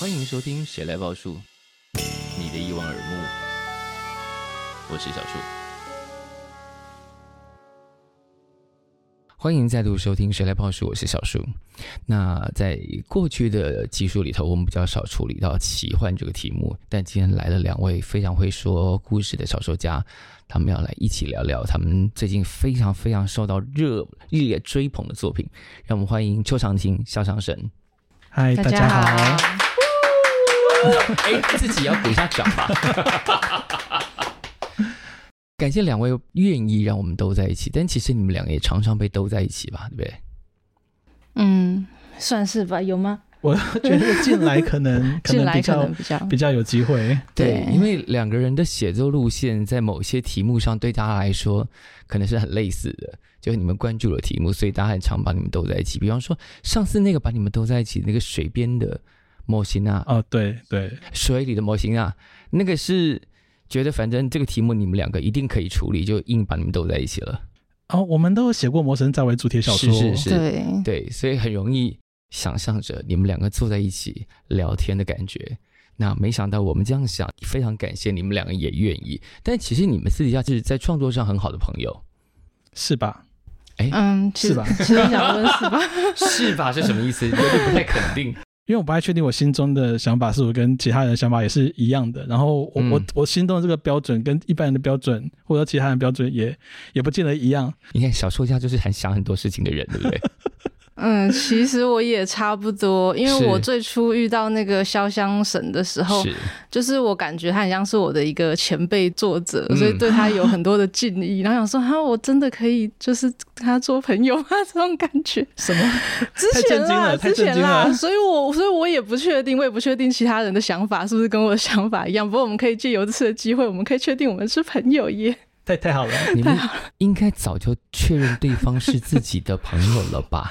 歡迎收聽《誰來報樹》，你的一忘耳目，我是小樹。歡迎再度收聽《誰來報樹》，我是小樹。那在過去的集數裡頭，我們比較少處理到奇幻這個題目。但今天來了兩位非常會說故事的小說家，他們要來一起聊聊他們最近非常非常受到熱熱烈追捧的作品。讓我們歡迎邱常婷、瀟湘神。嗨，大家好。哎， 自己要鼓一下掌吧。 感謝兩位願意讓我們兜在一起，但其實你們兩個也常常被兜在一起吧，對不對？嗯，算是吧，有嗎？我覺得近來可能 可能比較，能比，較比較有機會對，對，因為兩個人的寫作路線在某些題目上對大家來說可能是很類似的，就是你們關注的題目，所以大家很常把你們兜在一起。比方說上次那個把你們兜在一起那個水邊的模型啊，哦，對對，水裡的模型啊，那個是。覺得反正這個題目你們兩個一定可以處理，就硬把你們兜在一起了。哦，我們都有寫過魔神仔為主題小說。哦，是是是，對對，所以很容易想象着你們兩個坐在一起聊天的感覺。那沒想到我們這樣想，非常感謝你們兩個也願意。但其實你們私底下就是在創作上很好的朋友，是吧？哎，嗯，是吧？是吧？ 其實想問是吧？ 是吧？是什麼意思？ 有點不太肯定。 因為我不太確定我心中的想法是否跟其他人的想法也是一樣的，然後我我、嗯、我心中的這個標準跟一般人的標準或者其他人的標準也也不見得一樣。你看，小說家就是很想很多事情的人，對不對？ 嗯，其實我也差不多，因為我最初遇到那個瀟湘神的時候，就是我感覺他很像是我的一個前輩作者，嗯，所以對他有很多的敬意， 然後想說哈，我真的可以就是跟他做朋友嗎？這種感覺什麼？之前啦，之前啦，所以我所以我也不確定，我也不確定其他人的想法是不是跟我的想法一樣。不過我們可以借由這次的機會，我們可以確定我們是朋友耶。太太好了，你們應該早就確認對方是自己的朋友了吧？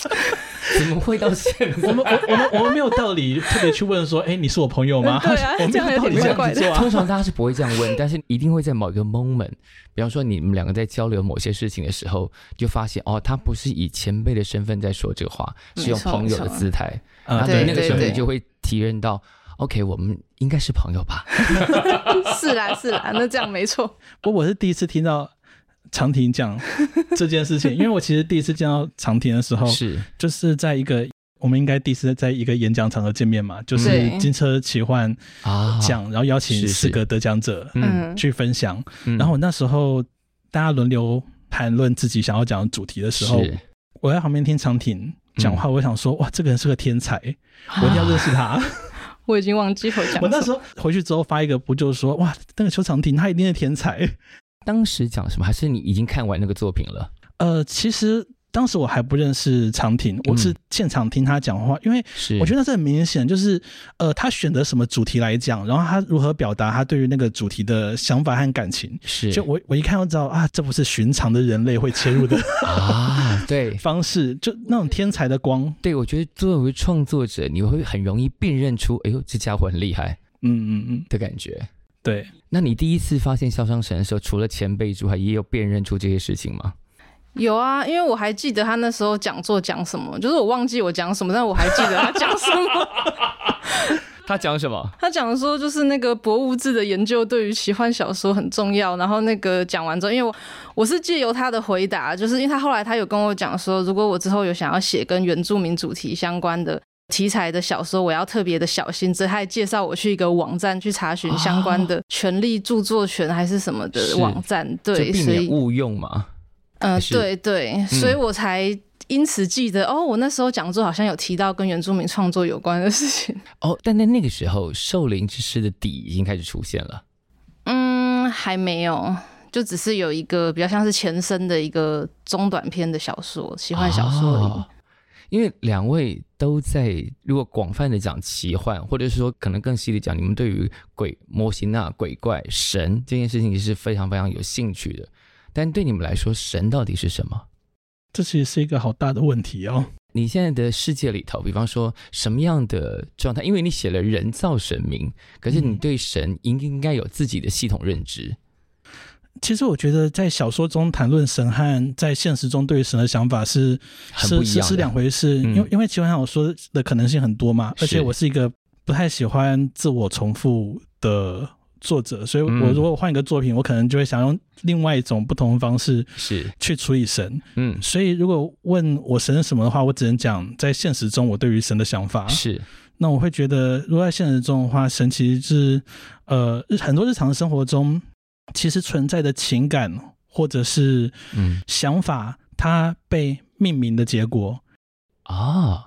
怎麼會到現在 我？我們我們我們沒有道理特別去問說，哎、欸，你是我朋友嗎？嗯啊、我們沒有道理這樣子做、啊還。通常大家是不會這樣問，但是一定會在某一個 moment，比方說你們兩個在交流某些事情的時候，就發現哦，他不是以前輩的身份在說這個話，是用朋友的姿態。啊，對、嗯、時候你就會體驗到。OK，我們應該是朋友吧？ 是啦，是啦，那這樣沒錯。不過我是第一次聽到常婷講這件事情， 因為我其實第一次見到常婷的時候，是就是在一個我們應該第一次在一個演講場合見面嘛，就是金車奇幻啊獎，嗯，然後邀請四個得獎者嗯去分享，是是嗯、然後我那時候大家輪流談論自己想要講的主題的時候，我在旁邊聽常婷講話、嗯，我想說哇，這個人是個天才，我一定要認識他。啊 我已經忘記我講。我那時候回去之後發一個布，就是說，哇，那個邱常婷他一定是天才。當時講什麼？還是你已經看完那個作品了？呃，其實。當時我還不認識常婷，我是現場聽他講話，嗯，因為我覺得這很明顯，就是呃，他選擇什麼主題來講，然後他如何表達他對於那個主題的想法和感情，是，就我我一看就知道啊，這不是尋常的人類會切入的啊， 對方式，就那種天才的光。對，我覺得作為創作者，你會很容易辨認出，哎呦，這家伙很厲害，嗯嗯嗯的感覺。對，那你第一次發現瀟湘神的時候，除了前輩之外，也有辨認出這些事情嗎？有啊，因為我還記得他那時候講座講什麼，就是我忘記我講什麼，但我還記得他講什麼。 他講什麼？ 他講說就是那個博物志的研究對於奇幻小說很重要。然後那個講完之後，因為我我是借由他的回答，就是因為他後來他有跟我講說，如果我之後有想要寫跟原住民主題相關的題材的小說，我要特別的小心。之後他還介紹我去一個網站去查詢相關的權利、著作權還是什麼的網站，對，避免誤用嘛。嗯、呃，對對，對、嗯，所以我才因此記得哦，我那時候講座好像有提到跟原住民創作有關的事情哦。但在那個時候，《獸靈之詩》的底已經開始出現了。嗯，還沒有，就只是有一個比較像是前身的一個中短篇的小說，奇幻小說而已。哦，因為兩位都在，如果廣泛的講奇幻，或者是說可能更細的講，你們對於鬼、魔、形啊，鬼怪、神這件事情是非常非常有興趣的。但對你們來說，神到底是什麼？這其實是一個好大的問題哦。嗯、你現在的世界裡頭，比方說什麼樣的狀態？因為你寫了人造神明，可是你對神應該有自己的系統認知。嗯、其實我覺得，在小說中談論神和在現實中對於神的想法是很不一樣，是是是兩回事，因、嗯、因為其實我說的可能性很多嘛，而且我是一個不太喜歡自我重複的。作者，所以我如果換一個作品，嗯，我可能就會想用另外一種不同的方式是去處理神。嗯，所以如果問我神是什麼的話，我只能講在現實中我對於神的想法是。那我會覺得，如果在現實中的話，神其實是呃很多日常生活中其實存在的情感或者是嗯想法，它被命名的結果，嗯、啊。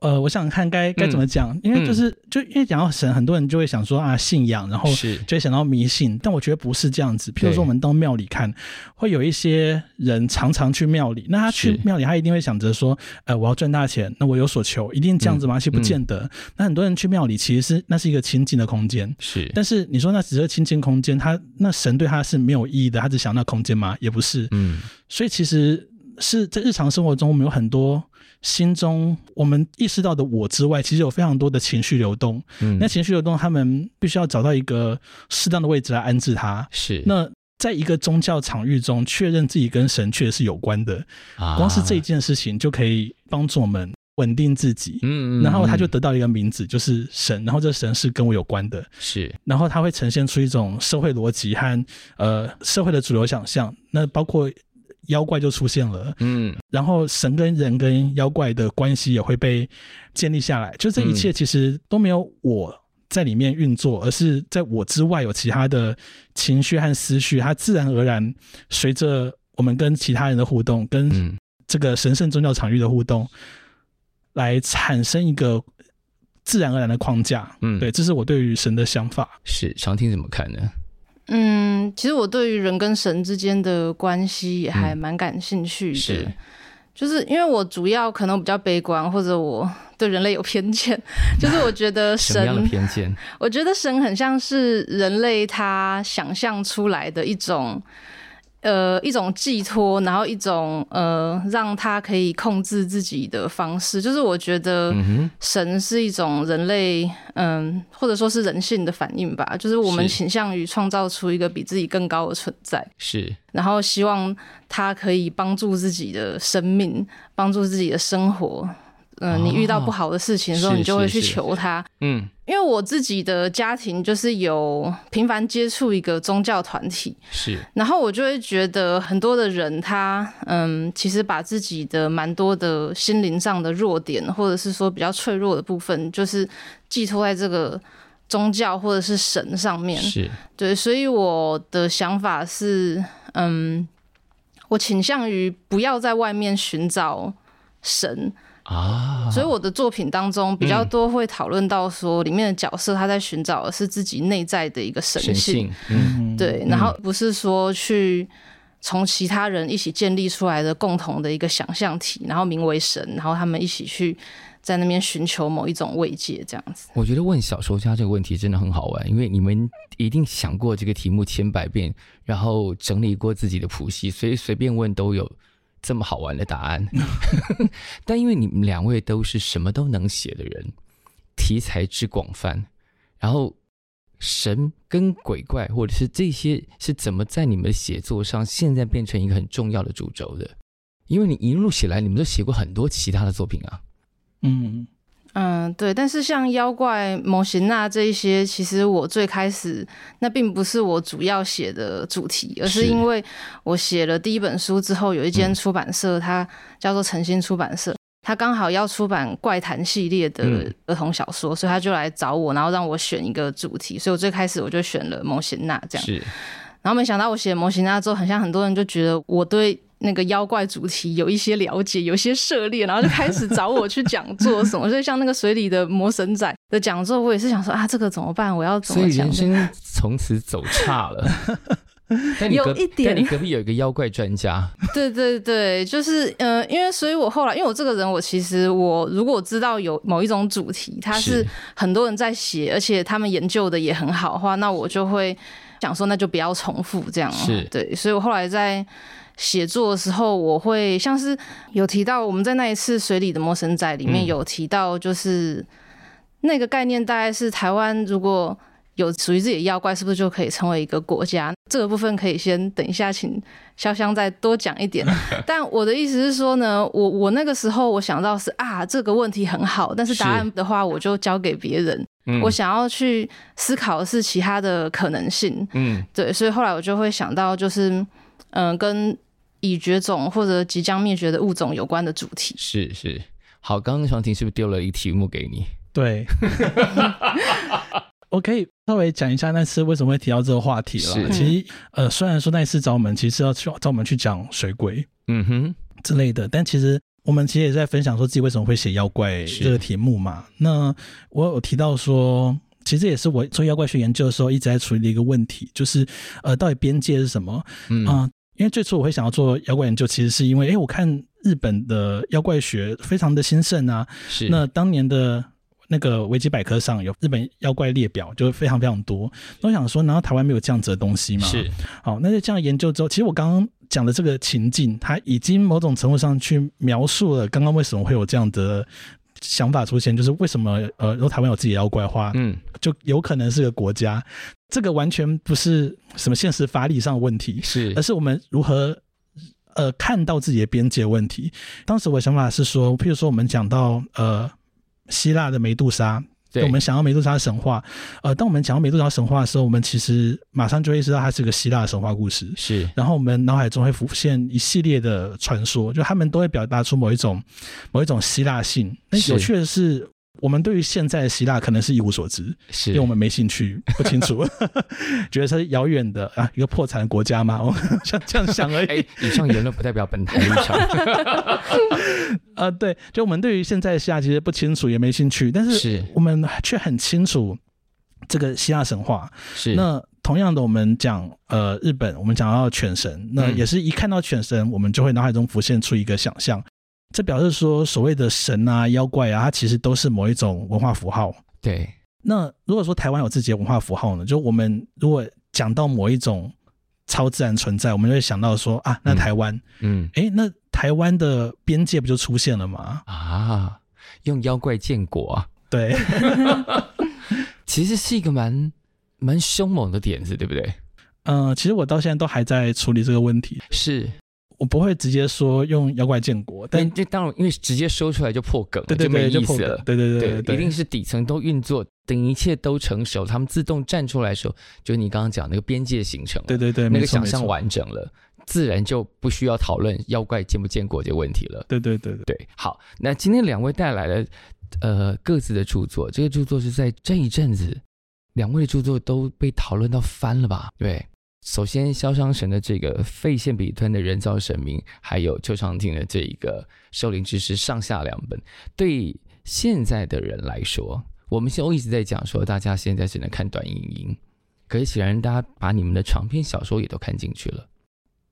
呃，我想看該該怎麼講、嗯，因為就是、嗯、就因為講到神，很多人就會想說啊，信仰，然後就會想到迷信，但我覺得不是這樣子。譬如說我們到廟裡看，會有一些人常常去廟裡，那他去廟裡，他一定會想着說，呃，我要賺大錢，那我有所求，一定這樣子嗎？其實不見得。嗯嗯、那很多人去廟裡，其實是那是一個清靜的空間，是。但是你說那只是清靜空間，他那神對他是沒有意義的，他只想那空間嗎？也不是。嗯，所以其實。是在日常生活中，我們有很多心中我們意識到的我之外，其實有非常多的情緒流動。嗯，那情緒流動，他們必須要找到一個適當的位置來安置他。是，那在一個宗教場域中，確認自己跟神確實是有關的。啊，光是這一件事情就可以幫助我們穩定自己。嗯、啊，然後他就得到一個名字就，嗯嗯嗯就，名字就是神。然後這神是跟我有關的。是，然後他會呈現出一種社會邏輯和呃社會的主流想象。那包括。妖怪就出現了，嗯，然後神跟人跟妖怪的關係也會被建立下來，就這一切其實都沒有我在裡面運作，嗯，而是在我之外有其他的情緒和思緒，它自然而然隨着我們跟其他人的互動，跟這個神聖宗教場域的互動，嗯，來產生一個自然而然的框架。嗯，對，這是我對於神的想法。是，常婷怎麼看呢？嗯，其實我對於人跟神之間的關係也還蠻感興趣的，嗯、是，就是因為我主要可能比較悲觀，或者我對人類有偏見，就是我覺得神，什麼樣的偏見？我覺得神很像是人類他想象出來的一種。呃，一種寄托，然後一種呃，讓他可以控制自己的方式，就是我覺得神是一種人類，嗯、呃，或者說是人性的反應吧，就是我們傾向於創造出一個比自己更高的存在，是，然後希望他可以幫助自己的生命，幫助自己的生活。嗯，你遇到不好的事情的時候，你就會去求他。哦。嗯，因為我自己的家庭就是有頻繁接觸一個宗教團體，是。然後我就會覺得很多的人他，他嗯，其實把自己的蠻多的心靈上的弱點，或者是說比較脆弱的部分，就是寄托在這個宗教或者是神上面。是。對，所以我的想法是，嗯，我傾向於不要在外面尋找神。啊，所以我的作品當中比較多會討論到說，裡面的角色他在尋找的是自己內在的一個神性，神性。嗯，對，嗯，然後不是說去從其他人一起建立出來的共同的一個想象體，然後名為神，然後他們一起去在那邊尋求某一種慰藉，這樣子。我覺得問小說家這個問題真的很好玩，因為你們一定想過這個題目千百遍，然後整理過自己的譜系，所以隨便問都有這麼好玩的答案， 但因為你們兩位都是什麼都能寫的人，題材之廣泛，然後神跟鬼怪或者是這些是怎麼在你們的寫作上現在變成一個很重要的主軸的？因為你一路寫來，你們都寫過很多其他的作品啊，嗯。嗯，對，但是像妖怪、魔神仔這一些，其實我最開始那並不是我主要寫的主題，而是因為我寫了第一本書之後，有一間出版社，它叫做晨星出版社，嗯，它剛好要出版怪談系列的兒童小說，嗯，所以他就來找我，然後讓我選一個主題，所以我最開始我就選了魔神仔這樣，是，然後沒想到我寫魔神仔之後，很像很多人就覺得我對，那個妖怪主題有一些了解，有一些涉獵，然後就開始找我去講座什麼。 所以像那個水裡的魔神仔的講座，我也是想說啊，這個怎麼辦？我要怎麼講？所以人生從此走差了。 但你隔，但你隔壁有一個妖怪專家。對對對，就是嗯、呃，因為所以，我後來因為我這個人，我其實我如果知道有某一種主題，他是很多人在寫，而且他們研究的也很好的話，那我就會想說，那就不要重複這樣。是對，所以我後來在。寫作的時候，我會像是有提到，我們在那一次水里的魔神仔裡面有提到，就是那個概念大概是台灣如果有屬於自己的妖怪，是不是就可以成為一個國家？這個部分可以先等一下，請瀟湘再多講一點。但我的意思是說呢，我我那個時候我想到是啊，這個問題很好，但是答案的話我就交給別人。我想要去思考的是其他的可能性。嗯，對，所以後來我就會想到就是嗯、呃、跟。以絕種或者即將滅絕的物種有關的主題是。是，好，剛剛常婷是不是丟了一題目給你？對，OK， 我可以稍微講一下那次為什麼會提到這個話題了。其實呃，雖然說那次找我們其實要去找我們去講水鬼，嗯哼之類的，但其實我們其實也在分享說自己為什麼會寫妖怪這個題目嘛。那我有提到說，其實也是我做妖怪學研究的時候一直在處理的一個問題，就是呃，到底邊界是什麼？嗯。呃因為最初我會想要做妖怪研究，其實是因為，誒，我看日本的妖怪學非常的興盛啊。是，那當年的那個維基百科上有日本妖怪列表，就非常非常多。那我想說，難道台灣沒有這樣子的東西嗎？是。好，那就這樣研究之後，其實我剛剛講的這個情境，它已經某種程度上去描述了剛剛為什麼會有這樣的。想法出現，就是為什麼呃，如果台灣有自己的妖怪化，嗯，就有可能是個國家。這個完全不是什麼現實法理上的問題，是，而是我們如何呃看到自己的邊界問題。當時我的想法是說，譬如說我們講到呃，希臘的梅杜莎。對，對，我們想到美杜莎神話，呃，當我們講到美杜莎神話的時候，我們其實馬上就會意識到它是個希臘神話故事。是，然後我們腦海中會浮現一系列的傳說，就他們都會表達出某一種、某一種希臘性。那些確實是。是我們對於現在的希臘可能是一無所知，是因為我們沒興趣，不清楚， 覺得它是遙遠的啊，一個破產的國家嘛，我像這樣想而已。 欸、以上言論不代表本台立場。啊、 呃，對，就我們對於現在的希臘其實不清楚，也沒興趣，但是我們卻很清楚這個希臘神話。是那同樣的，我們講呃日本，我們講到犬神，那也是一看到犬神，嗯、我們就會腦海中浮現出一個想象。這表示說，所謂的神啊、妖怪啊，它其實都是某一種文化符號。對。那如果說台灣有自己的文化符號呢？就我們如果講到某一種超自然存在，我們就會想到說啊，那台灣，嗯，嗯。誒，那台灣的邊界不就出現了嗎？啊，用妖怪建國啊？對。 其實是一個蠻蠻凶猛的點子，對不對？嗯、呃，其實我到現在都還在處理這個問題。是。我不會直接說用妖怪建國，但就當然，因為直接說出來就破梗了，對對對，就沒意思了。對對對，對，對，對，對一定是底層都運作，等一切都成熟對對對，他們自動站出來的時候，就你剛剛講那個邊界形成，對對對，那個想象完整了沒錯沒錯，自然就不需要討論妖怪建不建國這個問題了。對對對對，對，對，好，那今天兩位帶來了呃各自的著作，這個著作是在這一陣子兩位著作都被討論到翻了吧？對。首先，瀟湘神的這個廢線彼端的人造神明，還有邱常婷的這一個獸靈之詩，上下兩本，對現在的人來說，我們現在一直在講說，大家現在只能看短影音、音，可是顯然大家把你們的長篇小說也都看進去了。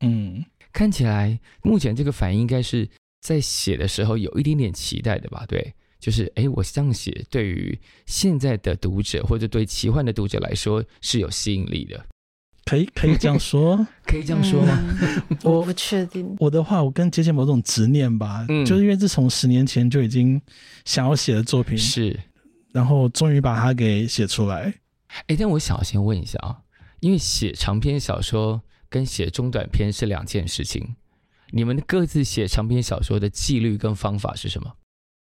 嗯，看起來目前這個反應應該是在寫的時候有一點點期待的吧？對，就是哎、欸，我這樣寫，對於現在的讀者或者對奇幻的讀者來說是有吸引力的。可以可以，這樣說， 可以這樣說嗎？嗯、我，我不確定。我的話，我更接近某種執念吧、嗯，就是因為自從十年前就已經想要寫的作品是，然後終於把它給寫出來。哎、欸，但我想要先問一下啊，因為寫長篇小說跟寫中短篇是兩件事情。你們各自寫長篇小說的紀律跟方法是什麼？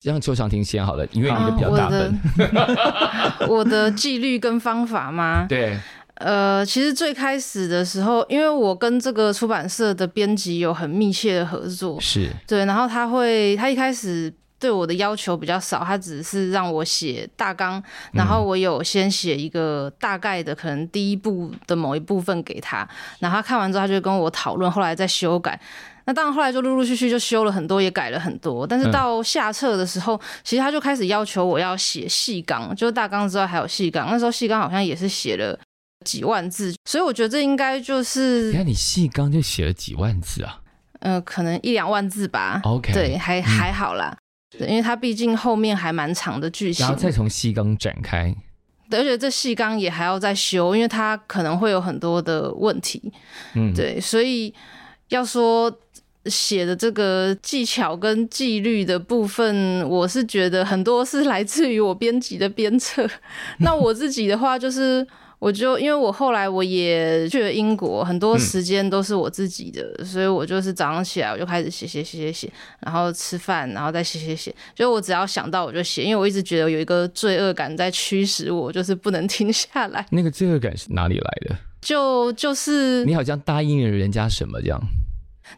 讓邱常婷先好了，因為你的比較大本、啊、我的紀 律跟方法嗎？對。呃，其實最開始的時候，因為我跟這個出版社的編輯有很密切的合作，是對，然後他會，他一開始對我的要求比較少，他只是讓我寫大綱，然後我有先寫一個大概的，可能第一部的某一部分給他，嗯、然後他看完之後，他就跟我討論，後來再修改。那當然後來就陸陸續續就修了很多，也改了很多，但是到下冊的時候、嗯，其實他就開始要求我要寫細綱，就是大綱之外還有細綱，那時候細綱好像也是寫了。幾萬字，所以我覺得這應該就是你看，你細綱就寫了幾萬字啊？呃，可能一兩萬字吧。OK，對，還還好啦，嗯，對，因為他畢竟後面還蠻長的劇情，然後再從細綱展開。而且這細綱也還要再修，因為他可能會有很多的問題。嗯，對，所以要說寫的這個技巧跟紀律的部分，我是覺得很多是來自於我編輯的鞭策。 那我自己的話就是。 我就因為我後來我也去了英國，很多時間都是我自己的，嗯，所以我就是早上起來我就開始寫寫寫寫寫，然後吃飯，然後再寫寫寫，就我只要想到我就寫，因為我一直覺得有一個罪惡感在驅使我，我就是不能停下來。那個罪惡感是哪裡來的？就就是你好像答應了人家什麼這樣？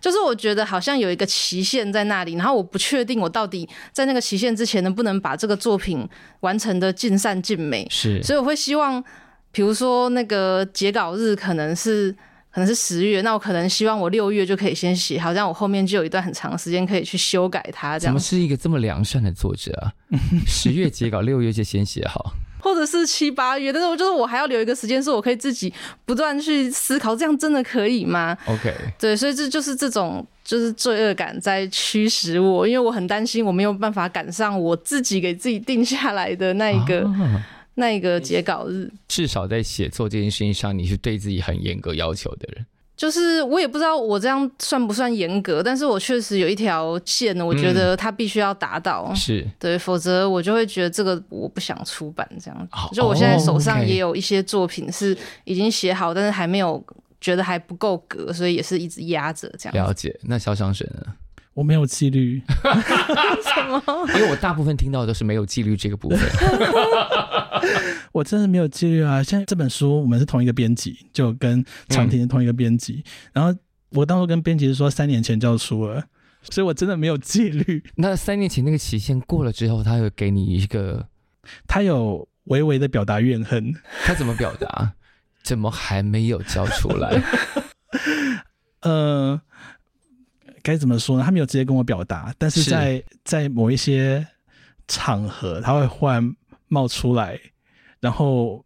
就是我覺得好像有一個期限在那裡，然後我不確定我到底在那個期限之前能不能把這個作品完成得盡善盡美。是，所以我會希望。比如說，那個截稿日可能是可能是十月，那我可能希望我六月就可以先寫好，這樣我後面就有一段很長時間可以去修改它。這樣怎麼是一個這麼良善的作者啊？十 月截稿，六月就先寫好， 或者是七八月，但是我就是我還要留一個時間，是我可以自己不斷去思考，這樣真的可以嗎？OK，對，所以這就是這種就是罪惡感在驅使我，因為我很擔心我沒有辦法趕上我自己給自己定下來的那一個。啊那一個截稿日，至少在寫作這件事情上，你是對自己很嚴格要求的人。就是我也不知道我這樣算不算嚴格，但是我確實有一條線，我覺得他必須要達到，是、嗯、對，是否則我就會覺得這個我不想出版這樣。Oh, 就我現在手上也有一些作品是已經寫好，oh, okay. 但是還沒有覺得還不夠格，所以也是一直壓着這樣。了解。那瀟湘神呢？我沒有紀律。 什麼？因為我大部分聽到的都是沒有紀律這個部分。 我真的沒有紀律啊！現在這本書我們是同一個編輯，就跟常婷同一個編輯、嗯。然後我當初跟編輯是說三年前就要出了，所以我真的沒有紀律。那三年前那個期限過了之後，他會給你一個，他有微微的表達怨恨。他怎麼表達？怎麼還沒有交出來？嗯、 呃，該怎麼說呢？他沒有直接跟我表達，但是在是在某一些場合，他會換。冒出來，然後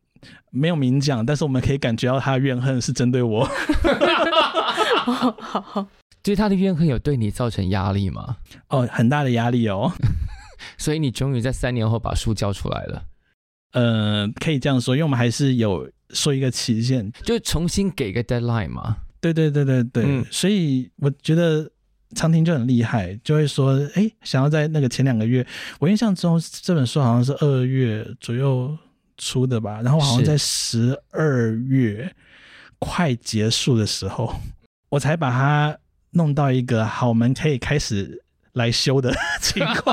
沒有明講，但是我們可以感覺到他的怨恨是針對我。哈哈哈哈哈！對他的怨恨有對你造成壓力嗎？哦，很大的壓力哦。 所以你終於在三年後把書交出來了。嗯、呃，可以這樣說，因為我們還是有說一個期限，就重新給個 deadline 嘛。對對對對對。嗯、所以我覺得。常婷就很厲害，就會說：“哎，想要在那個前兩個月，我印象中這本書好像是二月左右出的吧，然後好像在十二月快結束的時候，我才把它弄到一個好，我們可以開始來修的情況。 ”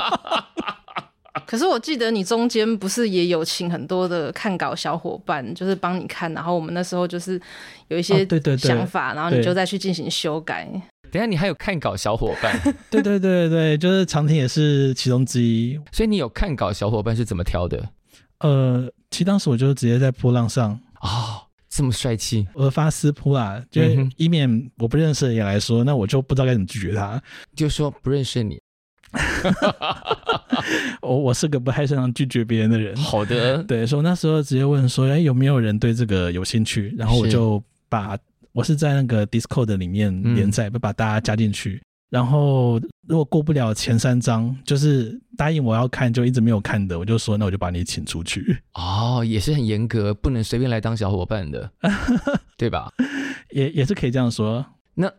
可是我記得你中間不是也有請很多的看稿小伙伴，就是幫你看，然後我們那時候就是有一些、哦、對對對對想法，然後你就再去進行修改。等一下，你還有看稿小夥伴？ 對對對對，就是常婷也是其中之一。所以你有看稿小夥伴是怎麼挑的？呃，其實當時我就直接在噗浪上啊、哦，這麼帥氣，我發私噗啦，就以免我不認識的人來說，那我就不知道該怎麼拒絕他，就說不認識你。我 我是個不太擅長拒絕別人的人。好的，對，所以那時候直接問說，哎、欸，有沒有人對這個有興趣？然後我就把。我是在那個 Discord 裡面連載，不、嗯、把大家加進去。然後如果過不了前三章，就是答應我要看，就一直沒有看的，我就說那我就把你請出去。哦，也是很嚴格，不能隨便來當小夥伴的， 對吧？也也是可以這樣說。那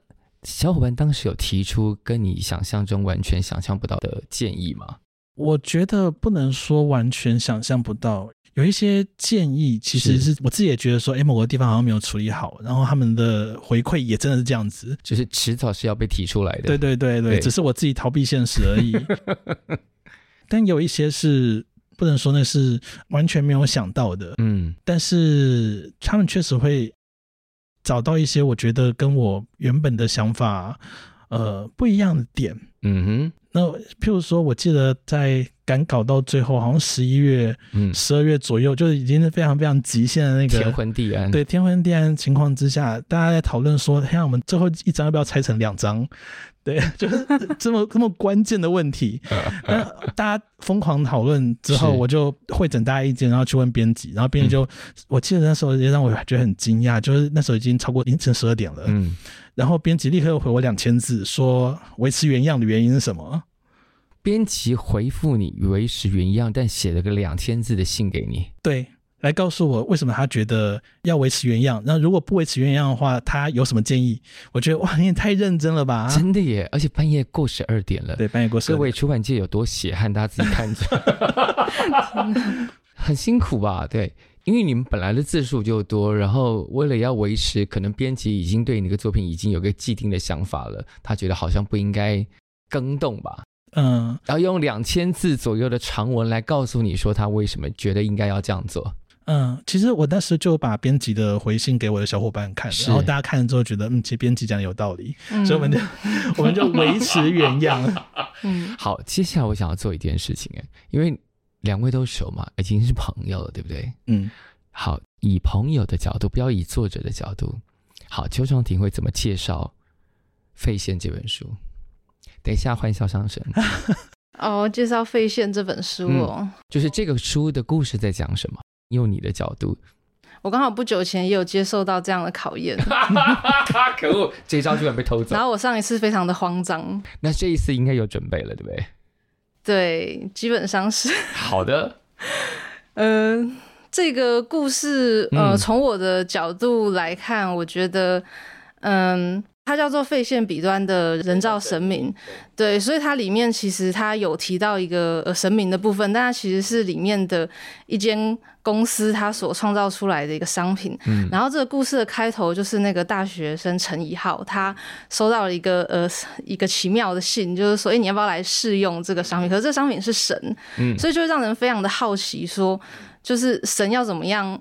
小夥伴當時有提出跟你想象中完全想象不到的建議嗎？我覺得不能說完全想象不到。有一些建議，其實是我自己也覺得說，欸，某個地方好像沒有處理好，然後他們的回饋也真的是這樣子，就是遲早是要被提出來的。對對對對，對只是我自己逃避現實而已。 但有一些是不能說那是完全沒有想到的，嗯，但是他們確實會找到一些我覺得跟我原本的想法，呃，不一樣的點，嗯哼。那譬如說，我記得在趕稿到最後，好像十一月、十二月左右，嗯、就是已經非常非常極限的那個天昏地暗，對，天昏地暗情況之下，大家在討論說，天、啊、我們最後一章要不要拆成兩章？對，就是這麼 這麼關鍵的問題。 那大家瘋狂討論之後，我就彙整大家意見，然後去問編輯，然後編輯就、嗯，我記得那時候也讓我覺得很驚訝，就是那時候已經超過凌晨十二點了。嗯。然後編輯立刻又回我兩千字，說維持原樣的原因是什麼？編輯回復你維持原樣，但寫了個兩千字的信給你。對，來告訴我為什麼他覺得要維持原樣。那如果不維持原樣的話，他有什麼建議？我覺得哇，你也太認真了吧！真的耶，而且半夜過十二點了。對，半夜過十二點。各位出版界有多血汗，大家自己看着。 很辛苦吧？對。因為你們本來的字數就多，然後為了要維持，可能編輯已經對你的作品已經有個既定的想法了，他覺得好像不應該更動吧？嗯，然後用兩千字左右的長文來告訴你說他為什麼覺得應該要這樣做。嗯，其實我當時就把編輯的回信給我的小夥伴看了，然後大家看了之後覺得，嗯，其實編輯講的有道理，所以我們就 我們就維持原樣。 嗯，好，接下來我想要做一件事情，欸，誒，因為。兩位都熟嘛，已經是朋友了，對不對？嗯，好，以朋友的角度，不要以作者的角度。好，邱常婷會怎麼介紹《廢線》這本書？等一下，瀟湘神 哦，介紹《廢線》這本書哦、嗯，就是這個書的故事在講什麼？用你的角度，我剛好不久前也有接受到這樣的考驗。 可惡，這一招居然被偷走。然後我上一次非常的慌張。那這一次應該有準備了，對不對？對，基本上是 好的。嗯、呃，這個故事，呃，從我的角度來看，嗯、我覺得，嗯、呃。它叫做《廢線彼端的人造神明》，對，所以它裡面其實它有提到一個、呃、神明的部分，但它其實是裡面的一間公司它所創造出來的一個商品。然後這個故事的開頭就是那個大學生陳以浩，他收到了一個呃一個奇妙的信，就是說哎、欸，你要不要來試用這個商品？可是這個商品是神，所以就會讓人非常的好奇說，說就是神要怎麼樣？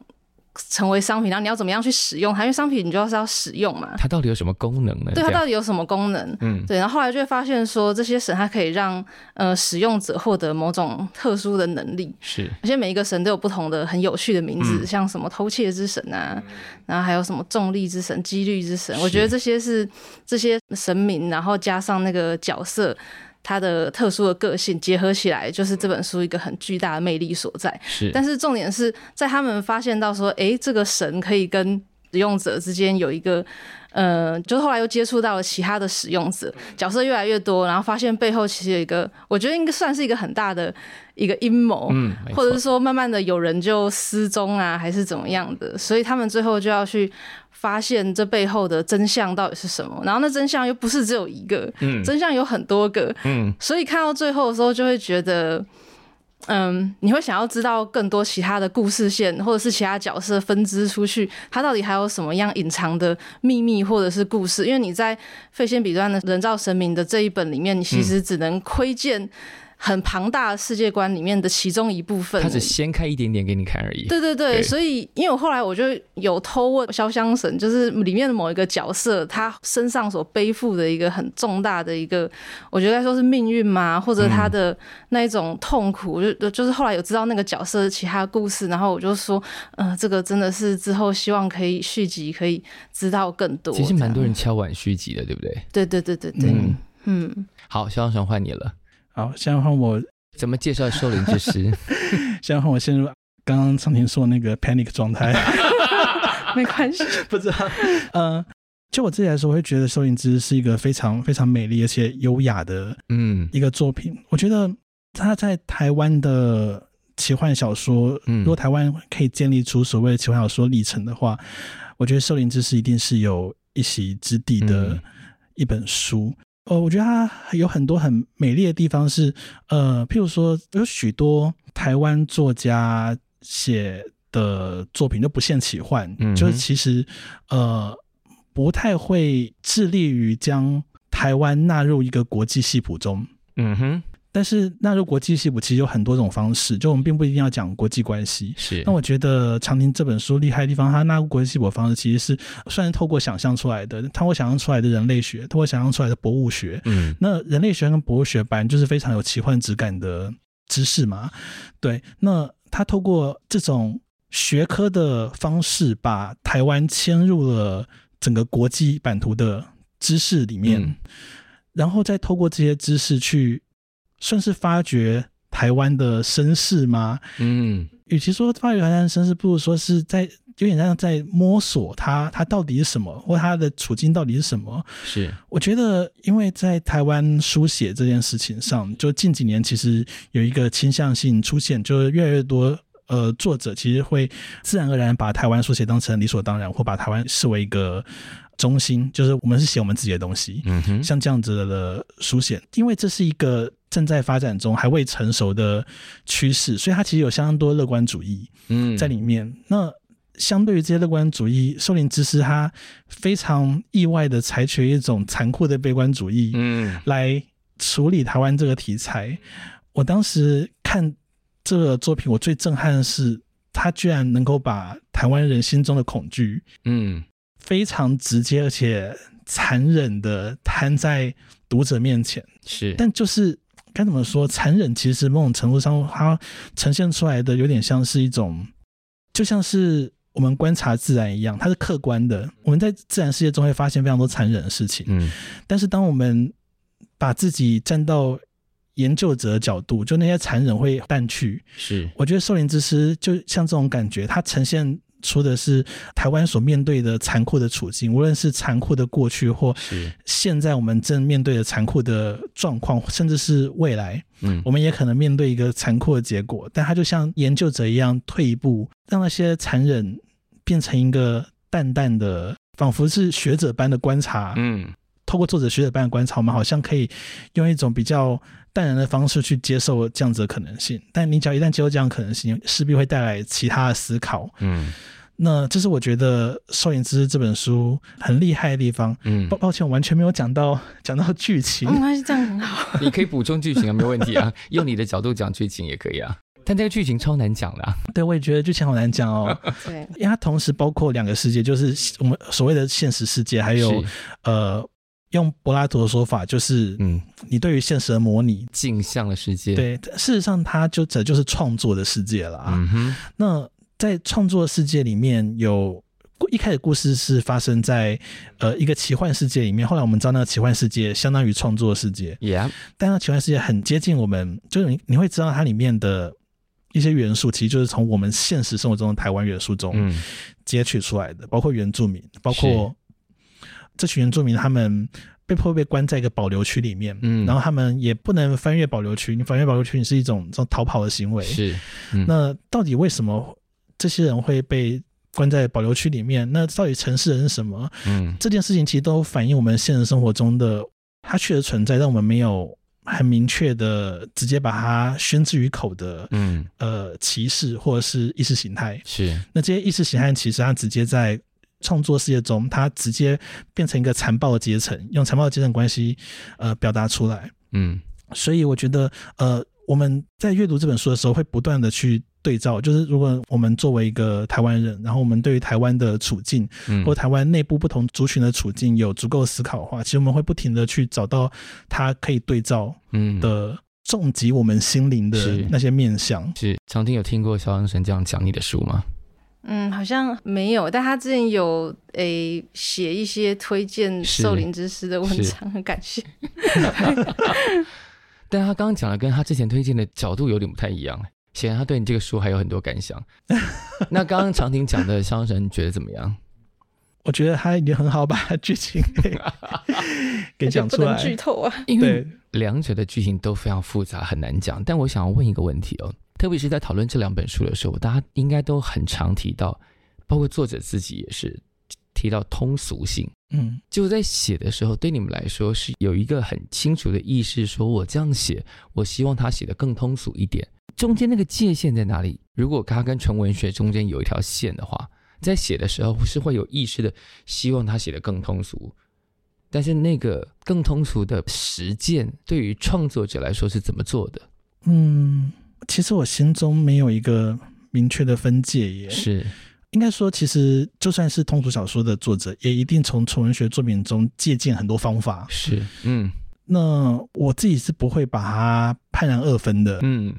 成為商品，然後你要怎麼樣去使用它？因為商品你就是要使用嘛。它到底有什麼功能呢？對，它到底有什麼功能？嗯，對。然後後來就會發現說，這些神它可以讓呃使用者獲得某種特殊的能力。是，而且每一個神都有不同的很有趣的名字，嗯、像什麼偷竊之神啊，然後還有什麼重力之神、幾率之神。我覺得這些是這些神明，然後加上那個角色。他的特殊的個性結合起來，就是這本書一個很巨大的魅力所在。是，但是重點是在他們發現到說，欸，這個神可以跟使用者之間有一個。呃，就後來又接觸到了其他的使用者，角色越來越多，然後發現背後其實有一個，我覺得應該算是一個很大的一個陰謀，嗯，或者是說慢慢的有人就失蹤啊，還是怎麼樣的，所以他們最後就要去發現這背後的真相到底是什麼，然後那真相又不是只有一個，嗯，真相有很多個，嗯，所以看到最後的時候就會覺得。嗯，你會想要知道更多其他的故事線，或者是其他角色分支出去，它到底還有什麼樣隱藏的秘密，或者是故事？因為你在廢線彼端的《人造神明》的這一本裡面，你其實只能窺見。很龐大的世界觀裡面的其中一部分，他只掀開一點點給你看而已。對對對，對所以因為我後來我就有偷問瀟湘神，就是裡面的某一個角色，他身上所背負的一個很重大的一個，我覺得來說是命運嘛，或者他的那一種痛苦？嗯、就就是後來有知道那個角色的其他故事，然後我就說，嗯、呃，這個真的是之後希望可以續集，可以知道更多。其實蠻多人敲碗續集的，對不對？對對對對對，對，嗯嗯。好，瀟湘神換你了。好，現在換我怎麼介紹《獸靈之詩》現 在換我陷入剛剛常婷說的那個 panic 狀態 沒關係， 不知道。嗯、呃，就我自己來說，我會覺得《獸靈之詩》是一個非常非常美麗而且優雅的，嗯，一個作品。嗯、我覺得他在台灣的奇幻小說、嗯，如果台灣可以建立出所謂的奇幻小說里程的話，我覺得《獸靈之詩》一定是有一席之地的一本書。嗯呃，我覺得它有很多很美麗的地方是，是呃，譬如說，有許多台灣作家寫的作品都不限奇幻，嗯，就是其實呃，不太會致力於將台灣納入一個國際系譜中，嗯哼。但是納入國際系統其實有很多種方式，就我們並不一定要講國際關係。是，那我覺得常婷這本書厲害的地方，他納入國際系統的方式其實是算是透過想象出來的，他會想象出來的人類學，透過想象出來的博物學。嗯，那人類學跟博物學本來就是非常有奇幻質感的知識嘛。對，那他透過這種學科的方式，把台灣遷入了整個國際版圖的知識裡面，嗯，然後再透過這些知識去。算是發掘台灣的身世嗎？嗯，與其說發掘台灣的身世，不如說是在有點像在摸索他他到底是什麼，或他的處境到底是什麼。是，我覺得，因為在台灣書寫這件事情上，就近幾年其實有一個傾向性出現，就是越來越多呃作者其實會自然而然把台灣書寫當成理所當然，或把台灣視為一個中心，就是我們是寫我們自己的東西。嗯哼，像這樣子的、的書寫，因為這是一個。正在發展中還未成熟的趨勢，所以它其實有相當多樂觀主義嗯在裡面。嗯、那相對於這些樂觀主義，瀟湘神他非常意外的採取一種殘酷的悲觀主義嗯來處理台灣這個題材，嗯。我當時看這個作品，我最震撼的是他居然能夠把台灣人心中的恐懼嗯非常直接而且殘忍的攤在讀者面前、嗯、是，但就是。該怎麼說？殘忍其實某種程度上，它呈現出來的有點像是一種，就像是我們觀察自然一樣，它是客觀的。我們在自然世界中會發現非常多殘忍的事情，嗯，但是當我們把自己站到研究者角度，就那些殘忍會淡去。是，我覺得《獸靈之詩》就像這種感覺，它呈現出的是台灣所面對的殘酷的處境，無論是殘酷的過去或是現在我們正面對的殘酷的狀況，甚至是未來，嗯，我們也可能面對一個殘酷的結果。嗯，但他就像研究者一樣，退一步，讓那些殘忍變成一個淡淡的，仿佛是學者般的觀察，嗯。透過作者、學者般的觀察，我們好像可以用一種比較淡然的方式去接受這樣子的可能性。但你只要一旦接受這樣的可能性，勢必會帶來其他的思考。嗯，那這是我覺得《獸靈之詩》這本書很厲害的地方。嗯，抱抱歉，我完全沒有講到講到劇情。應該是這樣，很好。你可以補充劇情啊，沒有問題啊。 用你的角度講劇情也可以啊。但這個劇情超難講的啊。對，我也覺得劇情好難講哦。 對，因為它同時包括兩個世界，就是我們所謂的現實世界，還有呃。用柏拉圖的說法，就是嗯，你對於現實的模擬，鏡、嗯、像的世界。對，事實上，它就這就是創作的世界了啊。嗯、哼，那在創作世界裡面有，一開始故事是發生在呃一個奇幻世界裡面，後來我們知道那個奇幻世界相當於創作世界、Yeah. 但那個奇幻世界很接近我們，就是你，你會知道它裡面的一些元素，其實就是從我們現實生活中的台灣元素中截、嗯、取出來的，包括原住民，包括。這群原住民，他們被迫被關在一個保留區裡面，嗯，然後他們也不能翻越保留區，你翻越保留區你是一種這種逃跑的行為，是、嗯，那到底為什麼這些人會被關在保留區裡面？那到底城市人是什麼？嗯，這件事情其實都反映我們現實生活中的，它確實存在，但我們沒有很明確的直接把它宣之於口的，嗯，呃，歧視或者是意識形態，是，那這些意識形態其實它直接在創作世界中，它直接變成一個殘暴的階層，用殘暴的階層關係，呃，表達出來。嗯，所以我覺得，呃，我們在閱讀這本書的時候，會不斷的去對照，就是如果我們作為一個台灣人，然後我們對於台灣的處境，或台灣內部不同族群的處境有足夠思考的話，其實我們會不停的去找到他可以對照的、嗯、重擊我們心靈的那些面向。是，曾經有聽過瀟湘神這樣講你的書嗎？嗯，好像沒有，但他之前有誒寫、欸、一些推薦《獸靈之詩》的文章，很感謝。 但他剛剛講的跟他之前推薦的角度有點不太一樣，顯然他對你這個書還有很多感想。嗯、 那剛剛常婷講的《瀟湘 神》，你覺得怎麼樣？我覺得他已經很好把劇情給講出來，劇透啊！對，兩者的劇情都非常複雜，很難講。但我想要問一個問題哦。特別是在討論這兩本書的時候，大家應該都很常提到，包括作者自己也是提到通俗性。嗯，就在寫的時候，對你們來說是有一個很清楚的意識，說我這樣寫，我希望他寫得更通俗一點。中間那個界限在哪裡？如果他跟純文學中間有一條線的話，在寫的時候是會有意識的希望他寫得更通俗。但是那個更通俗的實踐，對於創作者來說是怎麼做的？嗯。其實我心中沒有一個明確的分界，也是應該說，其實就算是通俗小說的作者，也一定從純文學作品中借鑑很多方法。是，嗯，那我自己是不會把它判然二分的，嗯，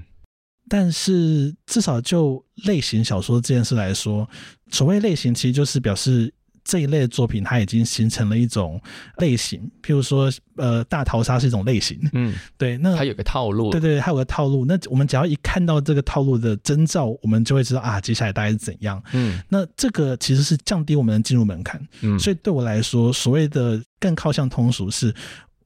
但是至少就類型小說這件事來說，所謂類型，其實就是表示，這一類的作品，它已經形成了一種類型，譬如說，呃，大逃殺是一種類型。嗯，對，那還有個套路，對對，對，還有個套路。那我們只要一看到這個套路的徵兆，我們就會知道啊，接下來大概是怎樣。嗯，那這個其實是降低我們的進入門檻。嗯，所以對我來說，所謂的更靠向通俗是。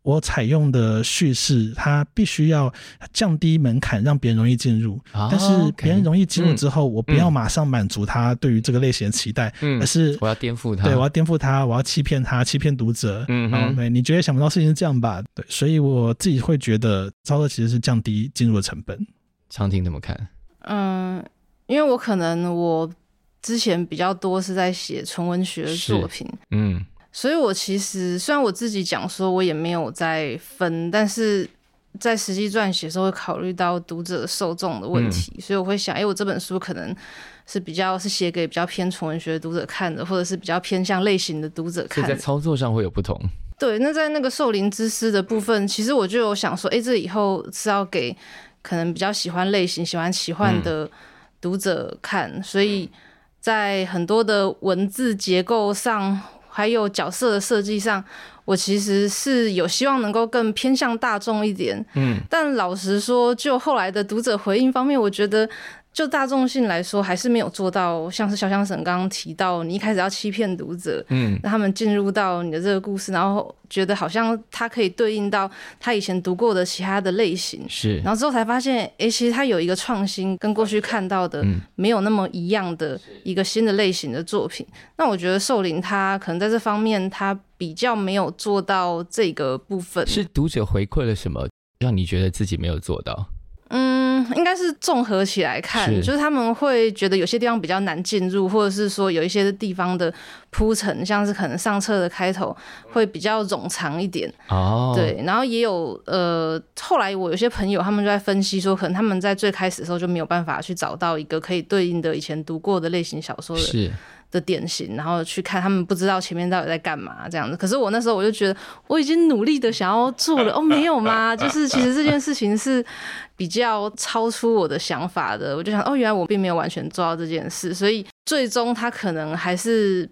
我採用的敘事，它必須要降低門檻，讓別人容易進入、啊。但是別人容易進入之後、Okay. 嗯，我不要馬上滿足他對於這個類型的期待，而、嗯、是我要顛覆他，對，我要顛覆他，我要欺騙他，欺騙讀者，嗯。嗯，對，你覺得想不到事情是這樣吧？對，所以我自己會覺得，操作其實是降低進入的成本。常婷怎麼看？嗯，因為我可能我之前比較多是在寫純文學作品，嗯。所以，我其實雖然我自己講說，我也沒有在分，但是在實際撰寫的時候會考慮到讀者受眾的問題，嗯、所以我會想，哎、欸，我這本書可能是比較是寫給比較偏純文學的讀者看的，或者是比較偏向類型的讀者看的。所以在操作上會有不同。對，那在那個獸靈之詩的部分，其實我就有想說，哎、欸，這以後是要給可能比較喜歡類型、喜歡奇幻的讀者看，嗯、所以在很多的文字結構上，還有角色的設計上，我其實是有希望能夠更偏向大眾一點，嗯，但老實說，就後來的讀者回應方面，我覺得。就大眾性來說，還是沒有做到。像是瀟湘神，剛剛提到，你一開始要欺騙讀者，嗯，讓他們進入到你的這個故事，然後覺得好像他可以對應到他以前讀過的其他的類型，是。然後之後才發現，誒、欸，其實他有一個創新，跟過去看到的沒有那麼一樣的一個新的類型的作品。嗯、那我覺得獸靈他可能在這方面他比較沒有做到這個部分。是讀者回饋了什麼，讓你覺得自己沒有做到？應該是綜合起來看，就是他們會覺得有些地方比較難進入，或者是說有一些地方的鋪陳，像是可能上冊的開頭會比較冗長一點。哦，對，然後也有呃，後來我有些朋友他們就在分析說，可能他們在最開始的時候就沒有辦法去找到一個可以對應的以前讀過的類型小說的的典型，然後去看他們不知道前面到底在幹嘛這樣子。可是我那時候我就覺得我已經努力的想要做了，哦，沒有嗎？就是其實這件事情是。比較超出我的想法的，我就想哦，原來我並沒有完全做到這件事，所以最終他可能還是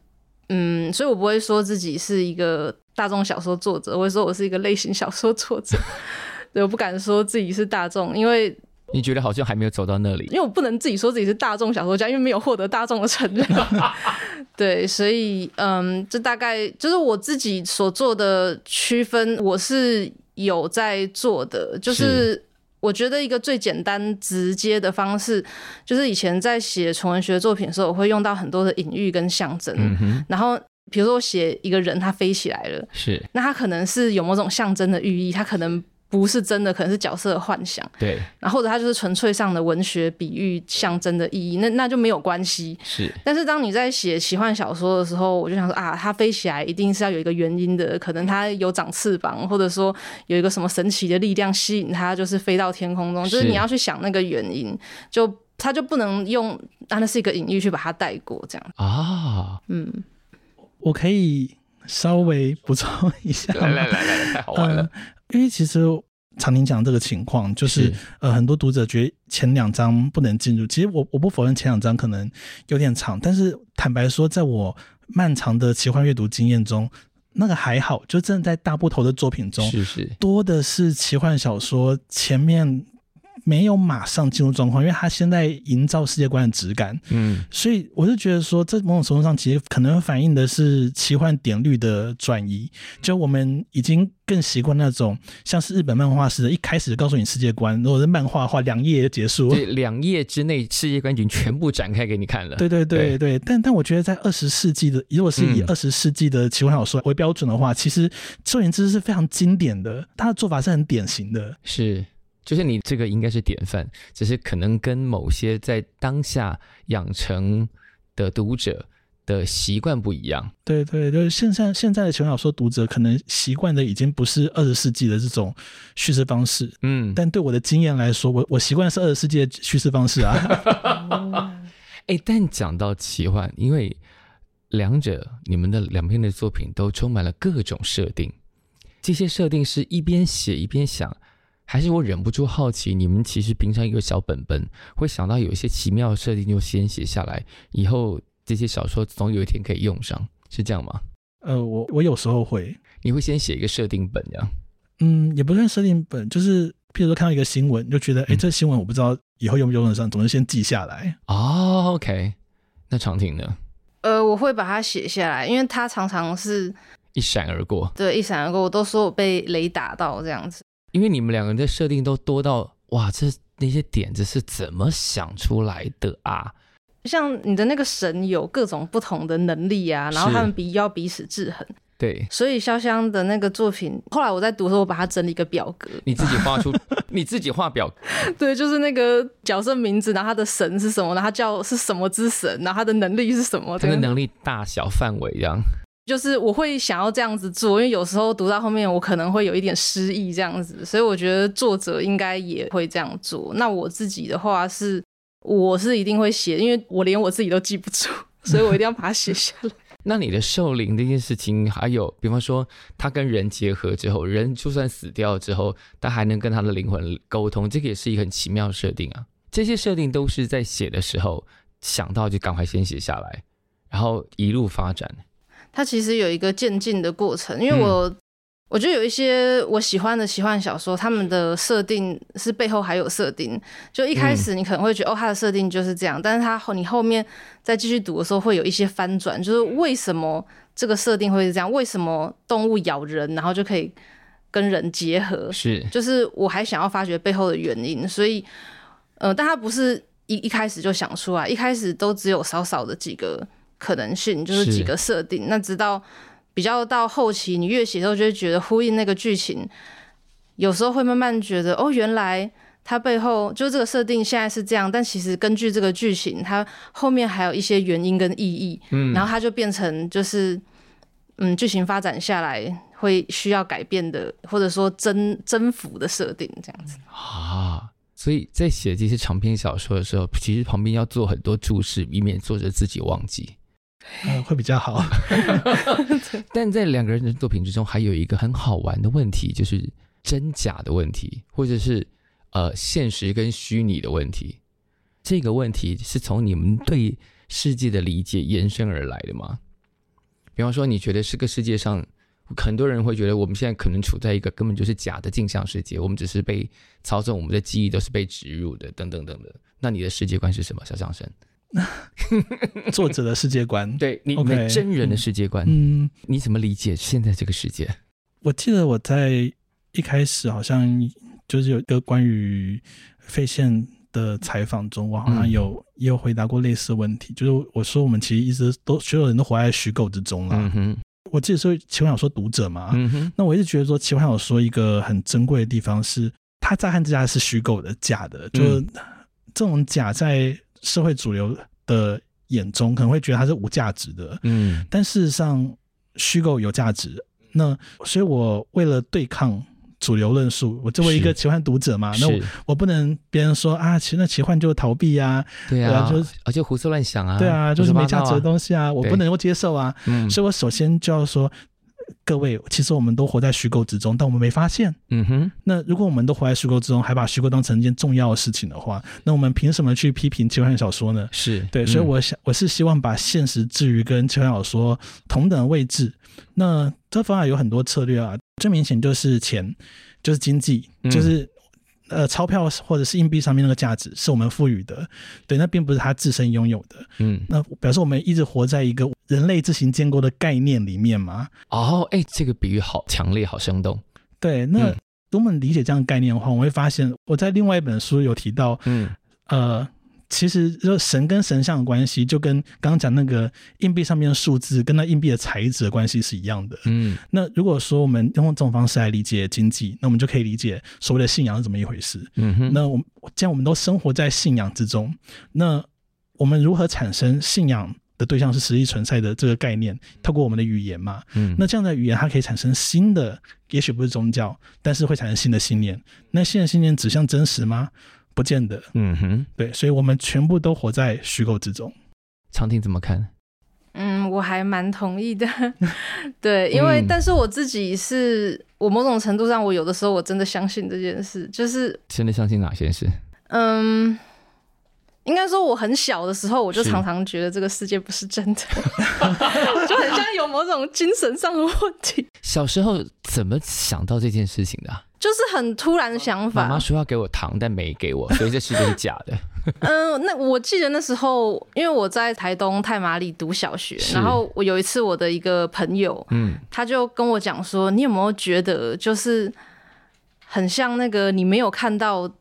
嗯，所以我不會說自己是一個大眾小說作者，我會說我是一個類型小說作者， 對，我不敢說自己是大眾，因為你覺得好像還沒有走到那裡，因為我不能自己說自己是大眾小說家，因為沒有獲得大眾的承認。 對，所以嗯，這大概就是我自己所做的區分，我是有在做的，就是。是我覺得一個最簡單直接的方式，就是以前在寫純文學作品的時候，我會用到很多的隱喻跟象徵，嗯。然後，比如說我寫一個人他飛起來了，是，那他可能是有某種象徵的寓意，他可能。不是真的，可能是角色的幻想。對，然後或者他就是純粹上的文學比喻、象徵的意義，那那就沒有關係。是。但是當你在寫奇幻小說的時候，我就想說啊，它飛起來一定是要有一個原因的，可能它有長翅膀，或者說有一個什麼神奇的力量吸引它，就是飛到天空中。是。就是你要去想那個原因，就它就不能用那那是一個隱喻，去把它帶過這樣。啊、哦。嗯。我可以稍微補充一下。來來來來，太好玩了。呃因為其實常聽講這個情況，就是，是呃，很多讀者覺得前兩章不能進入。其實我我不否認前兩章可能有點長，但是坦白說，在我漫長的奇幻閱讀經驗中，那個還好。就真的在大部頭的作品中是是，多的是奇幻小說前面。沒有馬上進入狀況，因為他現在營造世界觀的質感。嗯，所以我就覺得說，在某種程度上，其實可能反映的是奇幻典律的轉移。就我們已經更習慣那種像是日本漫畫似的，一開始就告訴你世界觀。如果是漫畫的話，兩頁就結束了。兩頁之內世界觀已經全部展開給你看了。對對對對。但但我覺得，在二十世紀的，如果是以二十世紀的奇幻小說為標準的話，嗯、其實《獸靈之詩》是非常經典的，他的做法是很典型的。是。就是你這個應該是典範，只是可能跟某些在當下養成的讀者的習慣不一樣。對對,對，就是現在現在的輕小說讀者可能習慣的已經不是二十世紀的這種敘事方式。嗯，但對我的經驗來說，我我習慣是二十世紀的敘事方式啊。哎 欸，但講到奇幻，因為兩者你們的兩篇的作品都充滿了各種設定，這些設定是一邊寫一邊想。還是我忍不住好奇，你們其實平常一個小本本，會想到有一些奇妙設定，就先寫下來，以後這些小說總有一天可以用上，是這樣嗎？呃，我我有時候會，你會先寫一個設定本呀？嗯，也不算設定本，就是譬如說看到一個新聞，就覺得哎、嗯欸，這個、新聞我不知道以後用不用得上，總是先記下來。哦，OK，那常婷呢？呃，我會把它寫下來，因為它常常是一閃而過。對，一閃而過，我都說我被雷打到這樣子。因為你們兩個人的設定都多到哇，這那些點子是怎麼想出來的啊？像你的那個神有各種不同的能力啊，然後他們要彼此制衡。對，所以瀟湘的那個作品，後來我在讀的時候，我把它整理一個表格。你自己畫出， 你自己畫表格。 對，就是那個角色名字，然後他的神是什麼，然後他叫是什麼之神，然後他的能力是什麼，這個能力大小範圍一樣。就是我會想要這樣子做，因為有時候讀到後面，我可能會有一點失憶這樣子，所以我覺得作者應該也會這樣做。那我自己的話是，我是一定會寫，因為我連我自己都記不住，所以我一定要把它寫下來。 那你的獸靈這件事情，還有比方說他跟人結合之後，人就算死掉之後，他還能跟他的靈魂溝通，這個也是一個很奇妙的設定啊。這些設定都是在寫的時候想到就趕快先寫下來，然後一路發展。它其實有一個漸進的過程，因為我、嗯、我覺得有一些我喜歡的奇幻小說，他們的設定是背後還有設定。就一開始你可能會覺得、嗯、哦，它的設定就是這樣，但是它後你後面再繼續讀的時候，會有一些翻轉，就是為什麼這個設定會是這樣？為什麼動物咬人，然後就可以跟人結合？是，就是我還想要發掘背後的原因。所以，呃，但它不是一一開始就想出來，一開始都只有少少的幾個。可能性就是幾個設定，那直到比較到後期，你越寫的時候就會覺得呼應那個劇情，有時候會慢慢覺得哦，原來它背後就這個設定現在是這樣，但其實根據這個劇情，它後面還有一些原因跟意義，嗯，然後它就變成就是嗯，劇情發展下來會需要改變的，或者說增增幅的設定這樣子啊，所以在寫這些長篇小說的時候，其實旁邊要做很多注釋，以免作者自己忘記。會比較好， 但在兩個人的作品之中，還有一個很好玩的問題，就是真假的問題，或者是呃現實跟虛擬的問題。這個問題是從你們對世界的理解延伸而來的嗎？比方說，你覺得這個世界上很多人會覺得我們現在可能處在一個根本就是假的鏡像世界，我們只是被操縱，我們的記憶都是被植入的，等等等等的。那你的世界觀是什麼？瀟湘神。那 作者的世界觀， 對你、們真人的世界觀 okay, 嗯，嗯，你怎麼理解現在這個世界？我記得我在一開始好像就是有一個關於廢線的採訪中，我好像有、嗯、也有回答過類似的問題、嗯，就是我說我們其實一直都所有人都活在虛構之中了、啊嗯。我記得說奇幻小說讀者嘛、嗯哼，那我一直覺得說奇幻小說一個很珍貴的地方是，他在漢之家是虛構的、假的，就是這種假在。社會主流的眼中可能會覺得它是無價值的，嗯，但事實上虛構有價值。那所以我為了對抗主流論述，我作為一個奇幻讀者嘛，那我，我不能別人說啊，其實那奇幻就是逃避呀，啊，對啊，就啊，就胡思亂想啊，對啊，就是沒價值的東西啊，啊我不能夠接受啊。嗯，所以我首先就要說。各位，其實我們都活在虛構之中，但我們沒發現。嗯哼。那如果我們都活在虛構之中，還把虛構當成一件重要的事情的話，那我們憑什麼去批評奇幻小說呢？是對、嗯，所以我想我是希望把現實置於跟奇幻小說同等的位置。那這方案有很多策略啊，最明顯就是錢，就是經濟，嗯、就是。呃，鈔票或者是硬幣上面那個價值是我們賦予的，對，那並不是它自身擁有的。嗯，那表示我們一直活在一個人類自行建構的概念裡面嘛。哦，哎，這個比喻好強烈，好生動。對，那如果我們理解這樣的概念的話，我會發現我在另外一本書有提到，嗯，呃。其實，神跟神像的關係，就跟剛剛講那個硬幣上面的數字跟那硬幣的材質的關係是一樣的。嗯，那如果說我們用這種方式來理解經濟，那我們就可以理解所謂的信仰是怎麼一回事。嗯哼，那我們既然我們都生活在信仰之中，那我們如何產生信仰的對象是實際存在的這個概念？透過我們的語言嘛。嗯，那這樣的語言它可以產生新的，也許不是宗教，但是會產生新的信念。那新的信念指向真實嗎？不見得，嗯哼，對，所以我們全部都活在虛構之中。常婷怎麼看？嗯，我還蠻同意的， 對，因為、嗯、但是我自己是我某種程度上，我有的時候我真的相信這件事，就是真的相信哪些事？嗯。應該說我很小的時候，我就常常覺得這個世界不是真的， 就很像有某種精神上的問題。小時候怎麼想到這件事情的啊？就是很突然的想法。媽媽說要給我糖，但沒給我，所以這世界是假的。 嗯，那我記得那時候，因為我在台東太麻里讀小學，然後我有一次我的一個朋友，嗯，他就跟我講說：“你有沒有覺得就是很像那個你沒有看到？”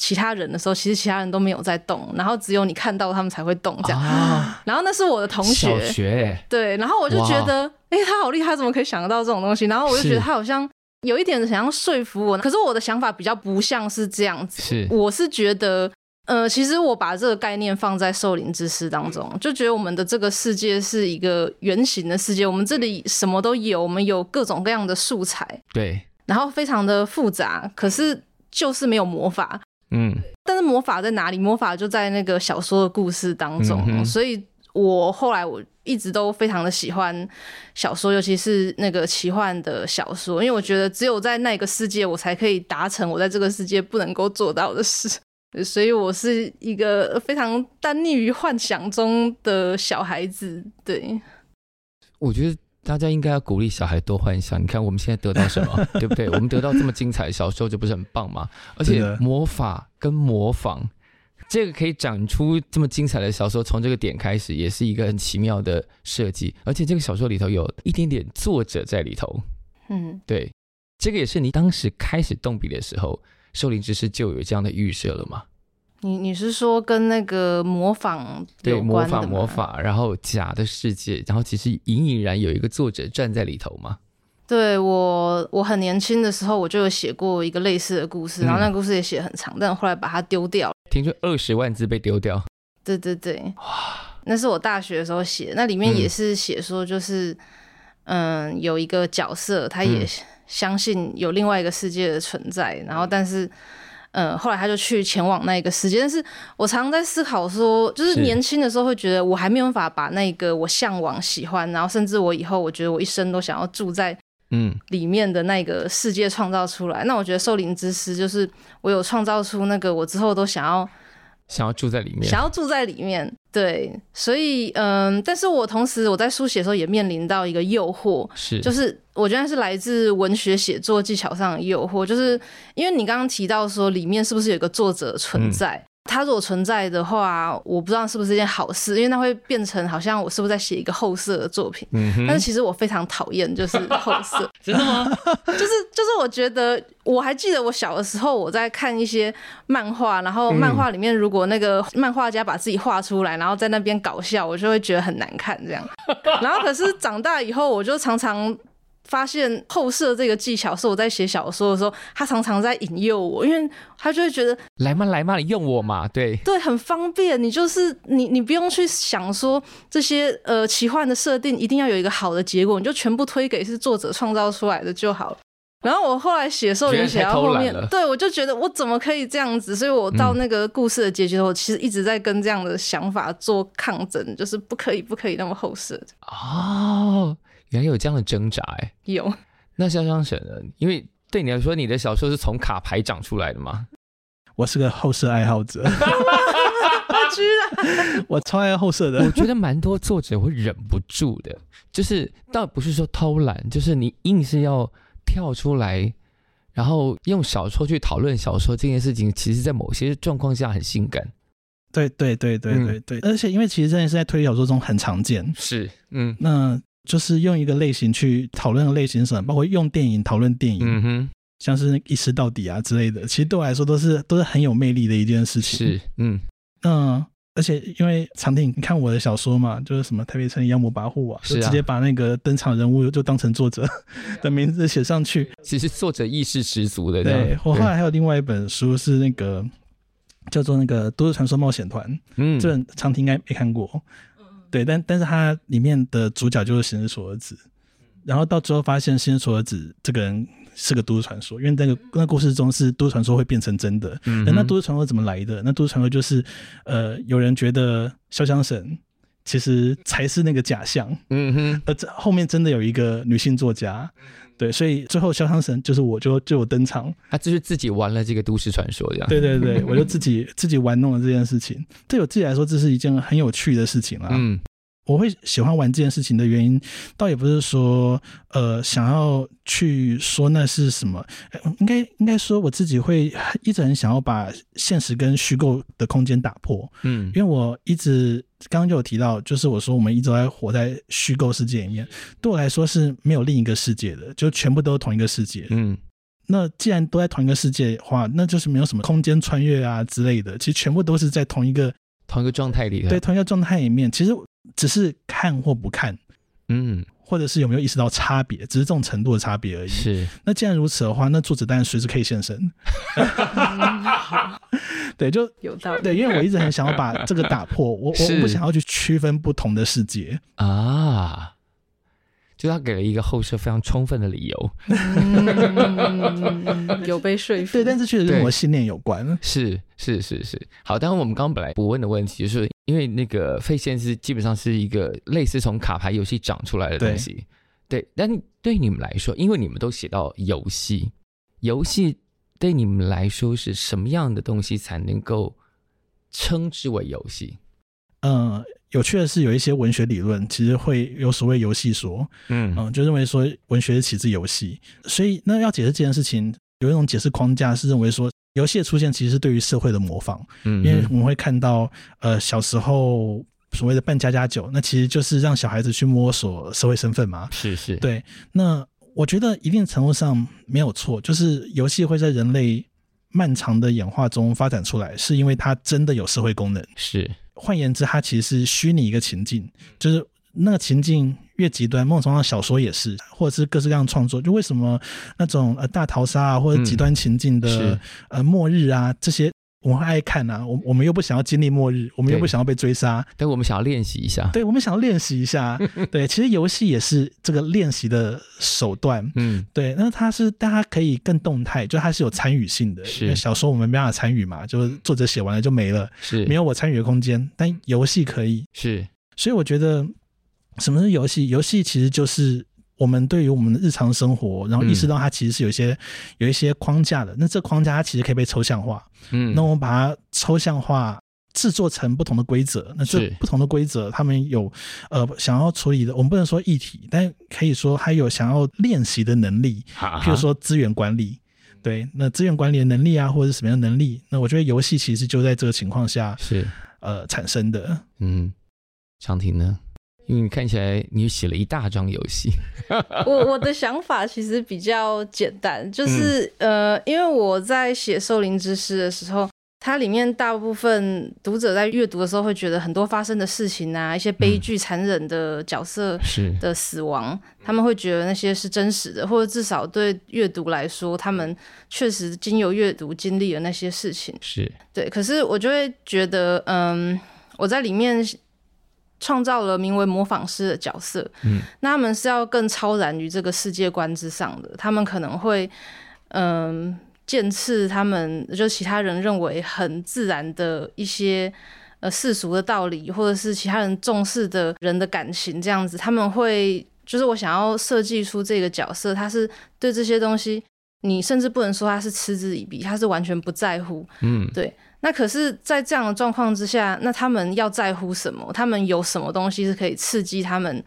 其他人的時候，其實其他人都沒有在動，然後只有你看到他們才會動，這樣。啊、然後那是我的同學，小學，對，然後我就覺得，哎、欸，他好厲害，怎麼可以想得到這種東西？然後我就覺得他好像有一點想要說服我，可是我的想法比較不像是這樣子。是，我是覺得，呃，其實我把這個概念放在獸靈之詩當中，就覺得我們的這個世界是一個圓形的世界，我們這裡什麼都有，我們有各種各樣的素材。對，然後非常的複雜，可是就是沒有魔法。嗯，但是魔法在哪裡？魔法就在那個小說的故事當中，嗯，所以我後來我一直都非常的喜歡小說，尤其是那個奇幻的小說，因為我覺得只有在那個世界，我才可以達成我在這個世界不能夠做到的事，所以我是一個非常耽溺於幻想中的小孩子。對，我覺得。大家應該要鼓勵小孩多幻想。你看我們現在得到什麼， 對不對？我們得到這麼精彩的小說，就不是很棒嗎？而且魔法跟模仿，這個可以長出這麼精彩的小說，從這個點開始，也是一個很奇妙的設計。而且這個小說裡頭有一點點作者在裡頭，嗯，對，這個也是你當時開始動筆的時候，獸靈之詩就有這樣的預設了嗎？你你是說跟那個模仿有關的？對模仿模仿，然後假的世界，然後其實隱隱然有一個作者站在裡頭嗎？對我，我很年輕的時候我就有寫過一個類似的故事，然後那個故事也寫很長，嗯、但後來把它丟掉，聽說二十萬字被丟掉。對對對，哇，那是我大學的時候寫，那裡面也是寫說就是嗯，嗯，有一個角色，他也相信有另外一個世界的存在，嗯、然後但是。嗯，後來他就去前往那個世界。但是我常常在思考說，就是年輕的時候會覺得我還沒有辦法把那個我嚮往、喜歡，然後甚至我以後我覺得我一生都想要住在嗯裡面的那個世界創造出來，嗯。那我覺得《獸靈之詩》就是我有創造出那個我之後都想要想要住在裡面，想要住在裡面，對，所以，嗯，但是我同時我在書寫的時候也面臨到一個誘惑，是，就是我覺得是來自文學寫作技巧上的誘惑，就是因為你剛剛提到說裡面是不是有個作者存在。嗯它如果存在的話，我不知道是不是一件好事，因為它會變成好像我是不是在寫一個後設的作品。嗯、但是其實我非常討厭就是後設。真的嗎？就是就是，我覺得我還記得我小的時候，我在看一些漫畫，然後漫畫裡面如果那個漫畫家把自己畫出來、嗯，然後在那邊搞笑，我就會覺得很難看這樣。然後可是長大以後，我就常常。發現後設這個技巧是我在寫小說的時候，他常常在引誘我，因為他就會覺得來嘛來嘛，你用我嘛，對對，很方便。你就是你，你不用去想說這些呃奇幻的設定一定要有一個好的結果，你就全部推給是作者創造出來的就好。然後我後來寫獸靈寫到後面，對我就覺得我怎麼可以這樣子？所以我到那個故事的結局，的時候、嗯，其實一直在跟這樣的想法做抗爭，就是不可以不可以那麼後設哦。原來有這樣的掙扎。欸？有那瀟湘神，因為對你來說，你的小說是從卡牌長出來的嘛？我是個後設愛好者，我知道，我超愛後設的。我覺得蠻多作者會忍不住的，就是倒不是說偷懶，就是你硬是要跳出來，然後用小說去討論小說這件事情，其實在某些狀況下很性感。對對對對對對，嗯、而且因為其實這件事在推理小說中很常見。是嗯，那。就是用一個類型去討論的類型，什麼包括用電影討論電影，嗯哼，像是《一視到底》啊之類的，其實對我來說都是都是很有魅力的一件事情。是，嗯,嗯而且因為常婷，你看我的小說嘛，就是什麼臺北城裡妖魔跋扈啊,啊，就直接把那個登場人物就當成作者的名字寫上去。其實作者意識十足的。對，我後來還有另外一本書是那個叫做那個都市傳說冒險團，嗯，這常婷應該沒看過。對，但但是它裡面的主角就是《新日嵯峨子》，然後到最後發現《新日嵯峨子》這個人是個都市傳說，因為那個那個，故事中是都市傳說會變成真的，嗯、但那都市傳說怎麼來的？那都市傳說就是，呃，有人覺得瀟湘神其實才是那個假象，嗯哼，呃，後面真的有一個女性作家。對，所以最後瀟湘神就是我就就我登場，他就是自己玩了這個都市傳說這樣。對對對，我就自己 自己玩弄了這件事情，對我自己來說，這是一件很有趣的事情啊。嗯。我會喜歡玩這件事情的原因，倒也不是說，呃，想要去說那是什麼，應該應該說我自己會一直很想要把現實跟虛構的空間打破，嗯，因為我一直剛剛就有提到，就是我說我們一直都在活在虛構世界裡面，對我來說是沒有另一個世界的，就全部都是同一個世界，嗯，那既然都在同一個世界的話，那就是沒有什麼空間穿越啊之類的，其實全部都是在同一個同一個狀態裡的，對，同一個狀態裡面，其實。只是看或不看，嗯，或者是有沒有意識到差別，只是這種程度的差別而已。是，那既然如此的話，那桌子當然隨時可以現身。 嗯、對，就有道理。對，因為我一直很想要把這個打破， 我我不想要去區分不同的世界啊。就他給了一個後設非常充分的理由、 嗯，有被說服。對，但是確實跟我信念有關。是是是是，好。但是我們剛剛本來不問的問題就是。因為那個廢線是基本上是一個類似從卡牌遊戲長出來的東西，對，對。但對你們來說，因為你們都寫到遊戲，遊戲對你們來說是什麼樣的東西才能夠稱之為遊戲？嗯、呃，有趣的是，有一些文學理論其實會有所謂“遊戲說”，嗯嗯、呃，就認為說文學是起自遊戲。所以那要解釋這件事情，有一種解釋框架是認為說。遊戲的出現其實是對於社會的模仿，嗯，因為我們會看到，呃，小時候所謂的扮家家酒，那其實就是讓小孩子去摸索社會身份嘛，是是，對。那我覺得一定程度上沒有錯，就是遊戲會在人類漫長的演化中發展出來，是因為它真的有社會功能。是，換言之，它其實是虛擬一個情境，就是那個情境。越極端，某種程度上小說也是，或者是各式各樣的創作。就為什麼那種呃大逃殺啊，或者極端情境的、嗯、呃末日啊，這些我們愛看啊。我們我們又不想要經歷末日，我們又不想要被追殺，但我們想要練習一下。對，我們想要練習一下。對，我們想要一下 對，其實遊戲也是這個練習的手段。嗯，對。那它是大家可以更動態，就它是有參與性的。是因為小說我們沒辦法參與嘛？就是作者寫完了就沒了，是沒有我參與的空間。但遊戲可以。是，所以我覺得。什麼是遊戲？遊戲其實就是我們對於我們的日常生活，然後意識到它其實是有一些、嗯、有一些框架的。那這框架它其實可以被抽象化。嗯，那我們把它抽象化，製作成不同的規則。那這不同的規則，他們有呃想要處理的。我們不能說議題，但可以說還有想要練習的能力。哈哈譬如說資源管理，對，那資源管理的能力啊，或者是什麼樣的能力？那我覺得遊戲其實就在這個情況下是呃產生的。嗯，常婷呢？你看起來，你寫了一大張遊戲。我我的想法其實比較簡單， 就是、嗯、呃，因為我在寫《獸靈之詩》的時候，它裡面大部分讀者在閱讀的時候會覺得很多發生的事情啊，一些悲劇、殘忍的角色的死亡，嗯、他們會覺得那些是真實的，或者至少對閱讀來說，他們確實經由閱讀經歷了那些事情。是對，可是我就會覺得，嗯、呃，我在裡面。創造了名為模仿師的角色，嗯，那他們是要更超然於這個世界觀之上的。他們可能會，嗯、呃，見刺他們就其他人認為很自然的一些、呃、世俗的道理，或者是其他人重視的人的感情這樣子。他們會就是我想要設計出這個角色，他是對這些東西，你甚至不能說他是嗤之以鼻，他是完全不在乎，嗯，對。那可是，在這樣的狀況之下，那他們要在乎什麼？他們有什麼東西是可以刺激他們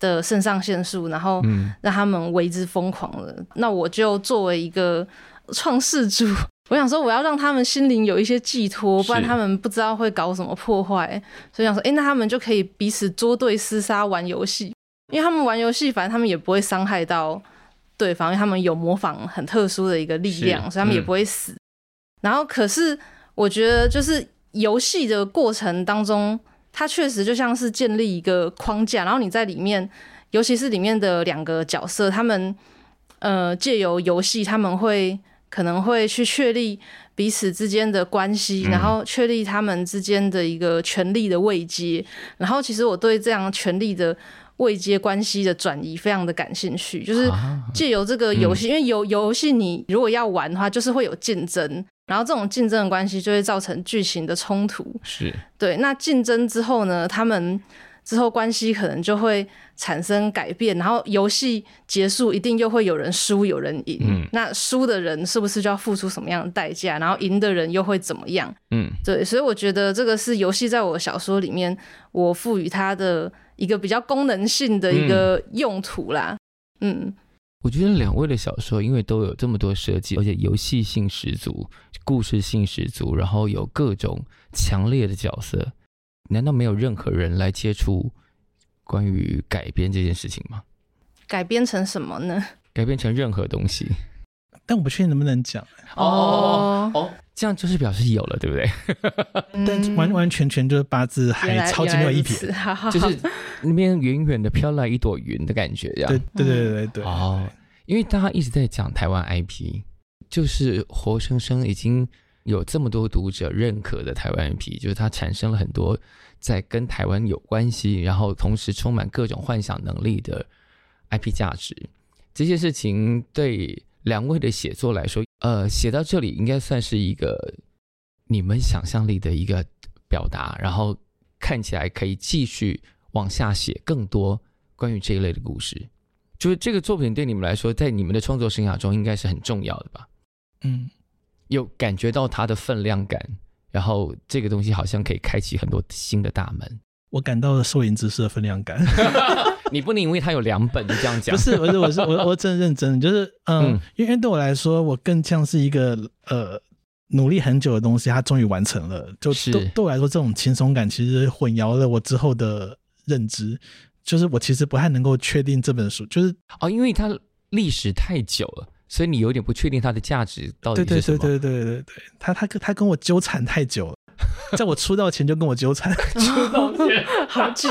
的腎上腺素，然後讓他們為之瘋狂的、嗯。那我就作為一個創世主，我想說，我要讓他們心靈有一些寄托，不然他們不知道會搞什麼破壞。所以想說，哎、欸，那他們就可以彼此捉對廝殺玩遊戲，因為他們玩遊戲，反正他們也不會傷害到對方，因為他們有模仿很特殊的一個力量，所以他們也不會死。嗯、然後可是。我覺得就是遊戲的過程當中，它確實就像是建立一個框架，然後你在裡面，尤其是裡面的兩個角色，他們呃借由遊戲，他們會可能會去確立彼此之間的關係，然後確立他們之間的一個權力的位階。然後其實我對這樣權力的。未接關係的轉移非常的感興趣，就是借由這個遊戲、啊嗯，因為遊遊戲你如果要玩的話，就是會有競爭，然後這種競爭的關係就會造成劇情的衝突。是，對。那競爭之後呢，他們之後關係可能就會產生改變，然後遊戲結束一定又會有人輸，有人贏、嗯。那輸的人是不是就要付出什麼樣的代價？然後贏的人又會怎麼樣？嗯，對。所以我覺得這個是遊戲在我的小說裡面我賦予他的。一個比較功能性的一個用途啦，嗯。嗯，我覺得兩位的小說，因為都有這麼多設計，而且遊戲性十足，故事性十足，然後有各種強烈的角色，難道沒有任何人來接觸關於改編這件事情嗎？改編成什麼呢？改編成任何東西，但我不確定能不能講欸。哦哦，哦，哦，哦。哦這樣就是表示有了，對不對？但、 嗯、完完全全就是八字還超級沒有一撇，就是，就是那邊遠遠的飄來一朵雲的感覺呀。對對對對對。哦、嗯，因為大家一直在講台灣 IP，就是活生生已經有這麼多讀者認可的台灣 IP，就是它產生了很多在跟台灣有關係，然後同時充滿各種幻想能力的 IP 價值。這些事情對。兩位的寫作來說，呃，寫到這裡應該算是一個你們想象力的一個表達，然後看起來可以繼續往下寫更多關於這一類的故事。就是這個作品對你們來說，在你們的創作生涯中應該是很重要的吧？嗯，有感覺到它的分量感，然後這個東西好像可以開啟很多新的大門。我感到了獸靈之詩的分量感 你不能因為它有兩本就這樣講。不是，不是，我是我是我是真的認真，就是嗯，嗯，因為對我來說，我更像是一個呃努力很久的東西，它終於完成了。就對對我來說，這種輕鬆感其實混淆了我之後的認知。就是我其實不太能夠確定這本書，就是哦，因為它歷史太久了，所以你有點不確定它的價值到底是什麼。對對對對對對對，他他他跟我糾纏太久了。在 我出道前就跟我糾纏，出道到前 好久，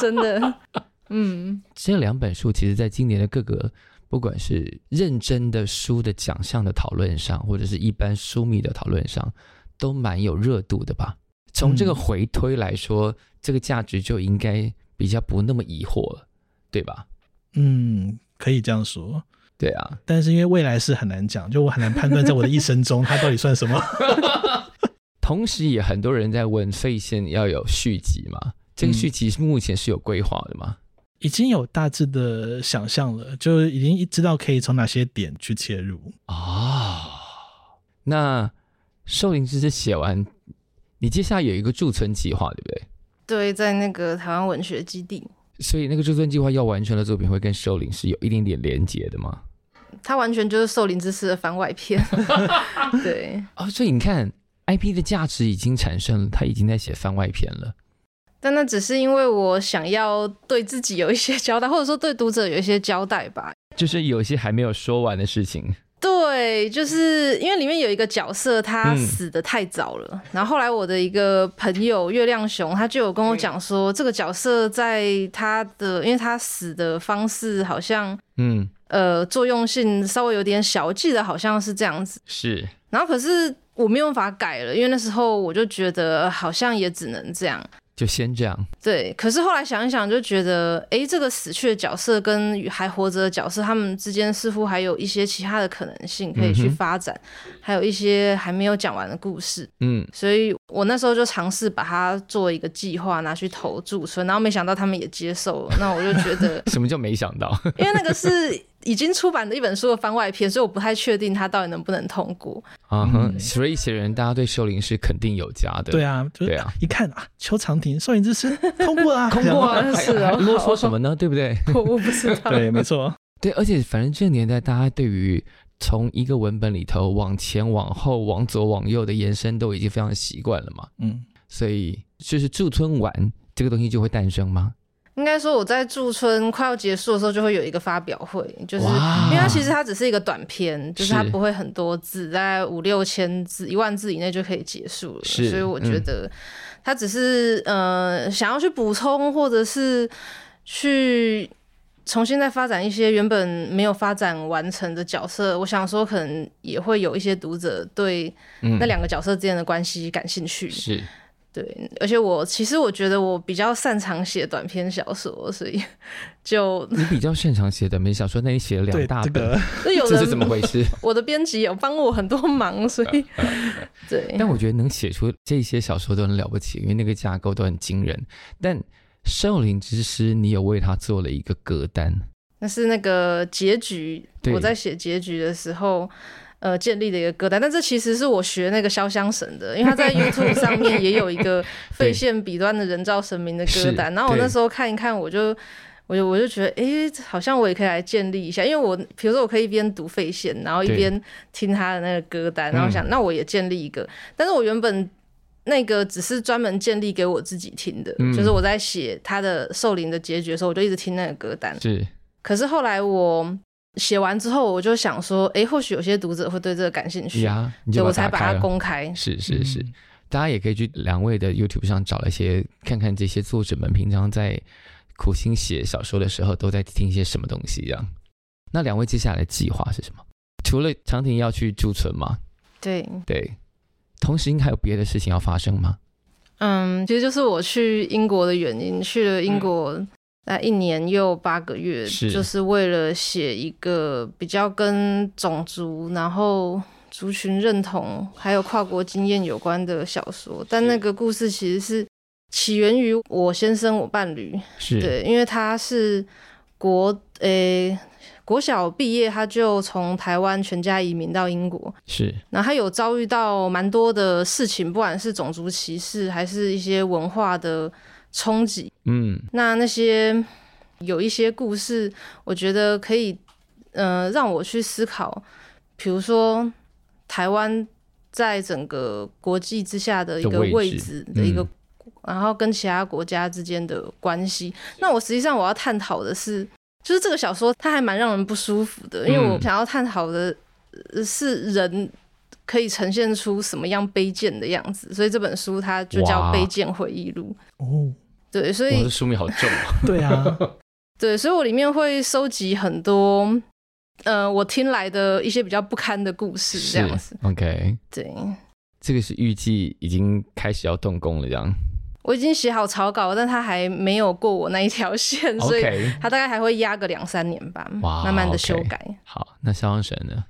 真的。嗯，這兩本書其實在今年的各個，不管是認真的書的獎項的討論上，或者是一般書迷的討論上，都蠻有熱度的吧？從這個回推來說，嗯、這個價值就應該比較不那麼疑惑，對吧？嗯，可以這樣說。對啊，但是因為未來是很難講，就我很難判斷，在我的一生中，它到底算什麼。 同時，也很多人在問廢線要有續集嗎？這個續集目前是有規劃的嗎、嗯？已經有大致的想象了，就已經知道可以從哪些點去切入啊、哦。那《獸靈之詩》寫完，你接下來有一個駐村計劃，對不對？對，在那個台灣文學基地。所以，那個駐村計劃要完成的作品會跟《獸靈》是有一點點連結的嗎？它完全就是《獸靈之詩》的番外篇。 對哦，所以你看。IP 的價值已經產生了，他已經在寫番外篇了。但那只是因為我想要對自己有一些交代，或者說對讀者有一些交代吧。就是有一些還沒有說完的事情。對，就是因為裡面有一個角色，他死得太早了、嗯。然後後來我的一個朋友月亮熊，他就有跟我講說、嗯，這個角色在他的，因為他死的方式好像，嗯，呃，作用性稍微有點小，我記得好像是這樣子。是。然後可是。我沒有辦法改了，因為那時候我就覺得好像也只能這樣，就先這樣。對，可是後來想一想，就覺得，哎、欸，這個死去的角色跟還活着的角色，他們之間似乎還有一些其他的可能性可以去發展，嗯、還有一些還沒有講完的故事。嗯，所以我那時候就嘗試把它做一個計劃拿去投注，所以然後沒想到他們也接受了， 那我就覺得什麼叫沒想到？ 因為那個是。已經出版的一本書的番外篇，所以我不太確定它到底能不能通過。啊、uh -huh, mm -hmm.，所以一些人大家對瀟湘神是肯定有加的。對啊，對啊，就一看啊，邱常婷，瀟湘神通過啊，通 過苦啊， 是啊、哦， 還還囉嗦什麼呢？對不對？我我不知道。 對，沒錯， 對，而且反正這個年代，大家對於從一個文本裡頭往前往後、往左往右的延伸，都已經非常習慣了嘛。嗯，所以就是駐村文這個東西就會誕生嗎？應該說我在駐村快要結束的時候就會有一個發表會，就是因為它其實它只是一個短篇，就是它不會很多字，在五六千字、一萬字以內就可以結束了。所以我覺得它只是、嗯、呃想要去補充，或者是去重新再發展一些原本沒有發展完成的角色。我想說可能也會有一些讀者對那兩個角色之間的關係感興趣。嗯、是。對，而且我其實我覺得我比較擅長寫短篇小說，所以就你比較擅長寫短篇小說，那你寫了兩大本，這是、個、怎麼回事？ 我的編輯有幫我很多忙，所以 對。但我覺得能寫出這些小說都很了不起，因為那個架構都很驚人。但《獸靈之詩》，你有為他做了一個歌單，那是那個結局。對，我在寫結局的時候。呃，建立的一個歌單，但這其實是我學那個瀟湘神的，因為他在 YouTube 上面也有一個廢線彼端的人造神明的歌單， 然後我那時候看一看我，我就，我就我就覺得，哎、欸，好像我也可以來建立一下，因為我比如說我可以一邊讀廢線，然後一邊聽他的那個歌單，然後想，嗯，那我也建立一個，但是我原本那個只是專門建立給我自己聽的，嗯，就是我在寫他的獸靈的結局的時候，我就一直聽那個歌單，是，可是後來我。寫完之後，我就想說，哎、欸，或許有些讀者會對這個感興趣，所、yeah, 以我才把它公開。是是是、嗯，大家也可以去兩位的 YouTube 上找一些，看看這些作者們平常在苦心寫小說的時候都在聽些什麼東西。這樣，那兩位接下來的計劃是什麼？除了常婷要去駐村嗎？對對，同時應該還有別的事情要發生嗎？嗯，其實就是我去英國的原因，去了英國、嗯。那一年又八個月，是就是為了寫一個比較跟種族、然後族群認同還有跨國經驗有關的小說。但那個故事其實是起源於我先生，我伴侶是，對，因為他是國誒、欸、國小畢業，他就從台灣全家移民到英國，是。然後他有遭遇到蠻多的事情，不管是種族歧視，還是一些文化的。衝擊，嗯，那那些有一些故事，我覺得可以，呃，讓我去思考，比如說台灣在整個國際之下的一個位置的一個，嗯、然後跟其他國家之間的關係、嗯。那我實際上我要探討的是，就是這個小說它還蠻讓人不舒服的，因為我想要探討的是人可以呈現出什麼樣卑賤的樣子，所以這本書它就叫《卑賤回憶錄》。哦。對，所以我的書名好重啊 對啊，對，所以我裡面會收集很多，呃，我聽來的一些比較不堪的故事，這樣子。OK。對，這個是預計已經開始要動工了，這樣。我已經寫好草稿，但他還沒有過我那一條線，okay，所以他大概還會壓個兩三年吧，wow, 慢慢的修改。Okay，好，那瀟湘神呢？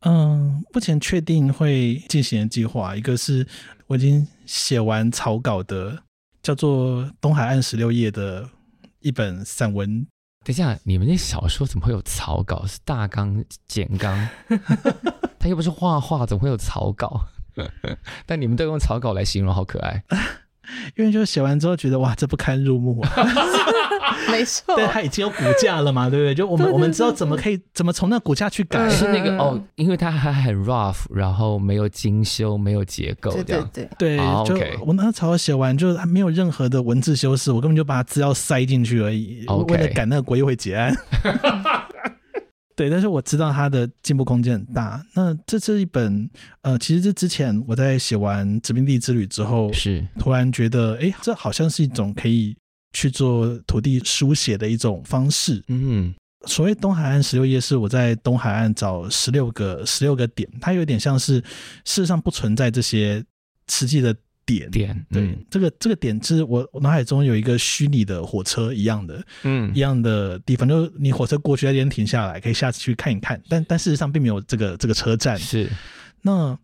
嗯，目前確定會進行的計劃，一個是我已經寫完草稿的。叫做《東海岸十六夜》的一本散文。等一下，你們那小說怎麼會有草稿？是大綱、簡綱？他 又不是畫畫，怎麼會有草稿？ 但你們都用草稿來形容，好可愛。因為就是寫完之後覺得哇，這不堪入目。 沒錯，但它已經有骨架了嘛，對不對？就我們 對對對，我們知道怎麼可以怎麼從那骨架去改。是那個、嗯、哦，因為它還很 rough，然後沒有精修，沒有結構的，對對對，對啊、就、okay、我那時候寫完就沒有任何的文字修飾，我根本就把它資料塞進去而已，我為了趕那個國藝會結案。 對，但是我知道他的進步空間很大。那這這一本，呃，其實這之前我在寫完《殖民地之旅》之後，是突然覺得，哎、欸，這好像是一種可以去做土地書寫的一種方式。嗯，所謂東海岸十六頁是我在東海岸找十六個十六個點，它有點像是事實上不存在這些實際的。點點，對、嗯、這個這個點，是我腦海中有一個虛擬的火車一樣的，嗯，一樣的地方，就你火車過去那邊停下來，可以下次去看一看。但但事實上並沒有這個這個車站，是那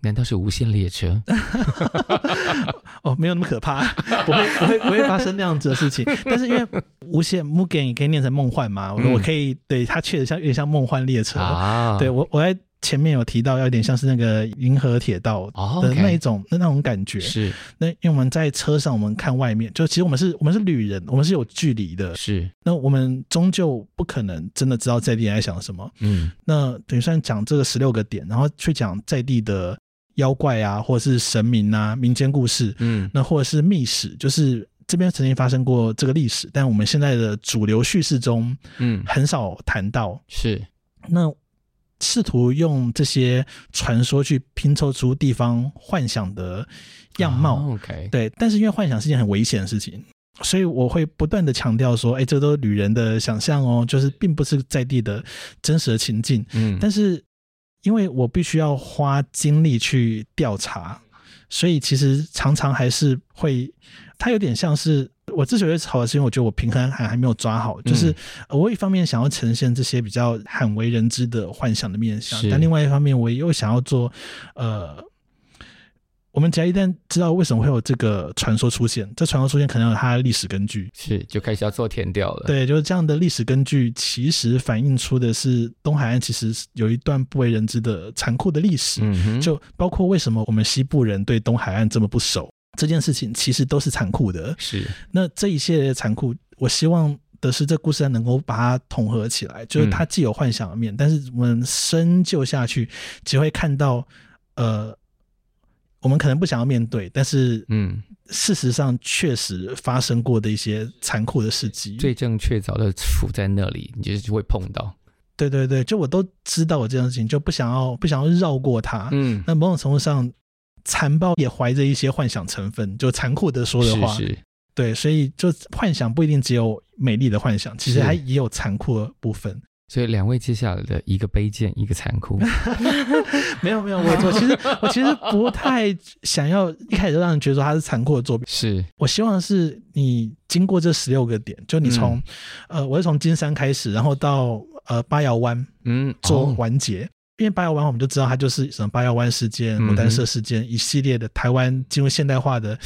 難道是無限列車？ 哦，沒有那麼可怕，不會不會不會發生那樣子的事情。 但是因為無限 ，Mugen 也可以念成夢幻嘛，我、嗯、可以對它確實像有點像夢幻列車啊。對我我還。前面有提到，要有點像是那個銀河鐵道的那一種那那種感覺，是那，因為我們在車上，我們看外面，就其實我們是我們是旅人，我們是有距離的，是那，我們終究不可能真的知道在地人在想什麼。嗯，那等於算講這個十六個點，然後去講在地的妖怪啊，或者是神明啊、民間故事，嗯，那或者是秘史，就是這邊曾經發生過這個歷史，但我們現在的主流敘事中，嗯，很少談到是那。試圖用這些傳說去拼湊出地方幻想的樣貌，oh, okay. 對。但是因為幻想是一件很危險的事情，所以我會不斷的強調說：“哎、欸，這都是旅人的想象哦，就是並不是在地的真實的情境。”嗯，但是因為我必須要花精力去調查，所以其實常常還是會，它有點像是。我之所以吵，是因為我覺得我平衡還還沒有抓好。就是我一方面想要呈現這些比較罕為人知的幻想的面向、嗯，但另外一方面，我又想要做，呃，我們只要一旦知道為什麼會有這個傳說出現，這傳說出現可能有它的歷史根據，是就開始要做田調了。對，就是這樣的歷史根據，其實反映出的是東海岸其實有一段不為人知的殘酷的歷史、嗯。就包括為什麼我們西部人對東海岸這麼不熟。這件事情其實都是殘酷的，是那這一系列的殘酷，我希望的是這故事能夠把它統合起來，就是它既有幻想的面、嗯，但是我們深究下去，只會看到呃，我們可能不想要面對，但是嗯，事實上確實發生過的一些殘酷的事迹，最正確鑿的處在那裡，你就是會碰到。對對對，就我都知道我這件事情，就不想要不想要繞過它，嗯，那某種程度上。殘暴也懷着一些幻想成分，就殘酷的說的話，是、是對，所以就幻想不一定只有美麗的幻想，其實它也有殘酷的部分。所以兩位接下來的一個卑賤，一個殘酷 。沒有沒有，我 我其實我其實不太想要一開始就讓人覺得說它是殘酷的作品。是我希望是你經過這十六個點，就你從、嗯、呃，我是從金山開始，然後到呃八窯灣，嗯，做完結。嗯哦因為八瑤灣，我們就知道它就是什麼八瑤灣事件、牡丹社事件、嗯、一系列的台灣進入現代化的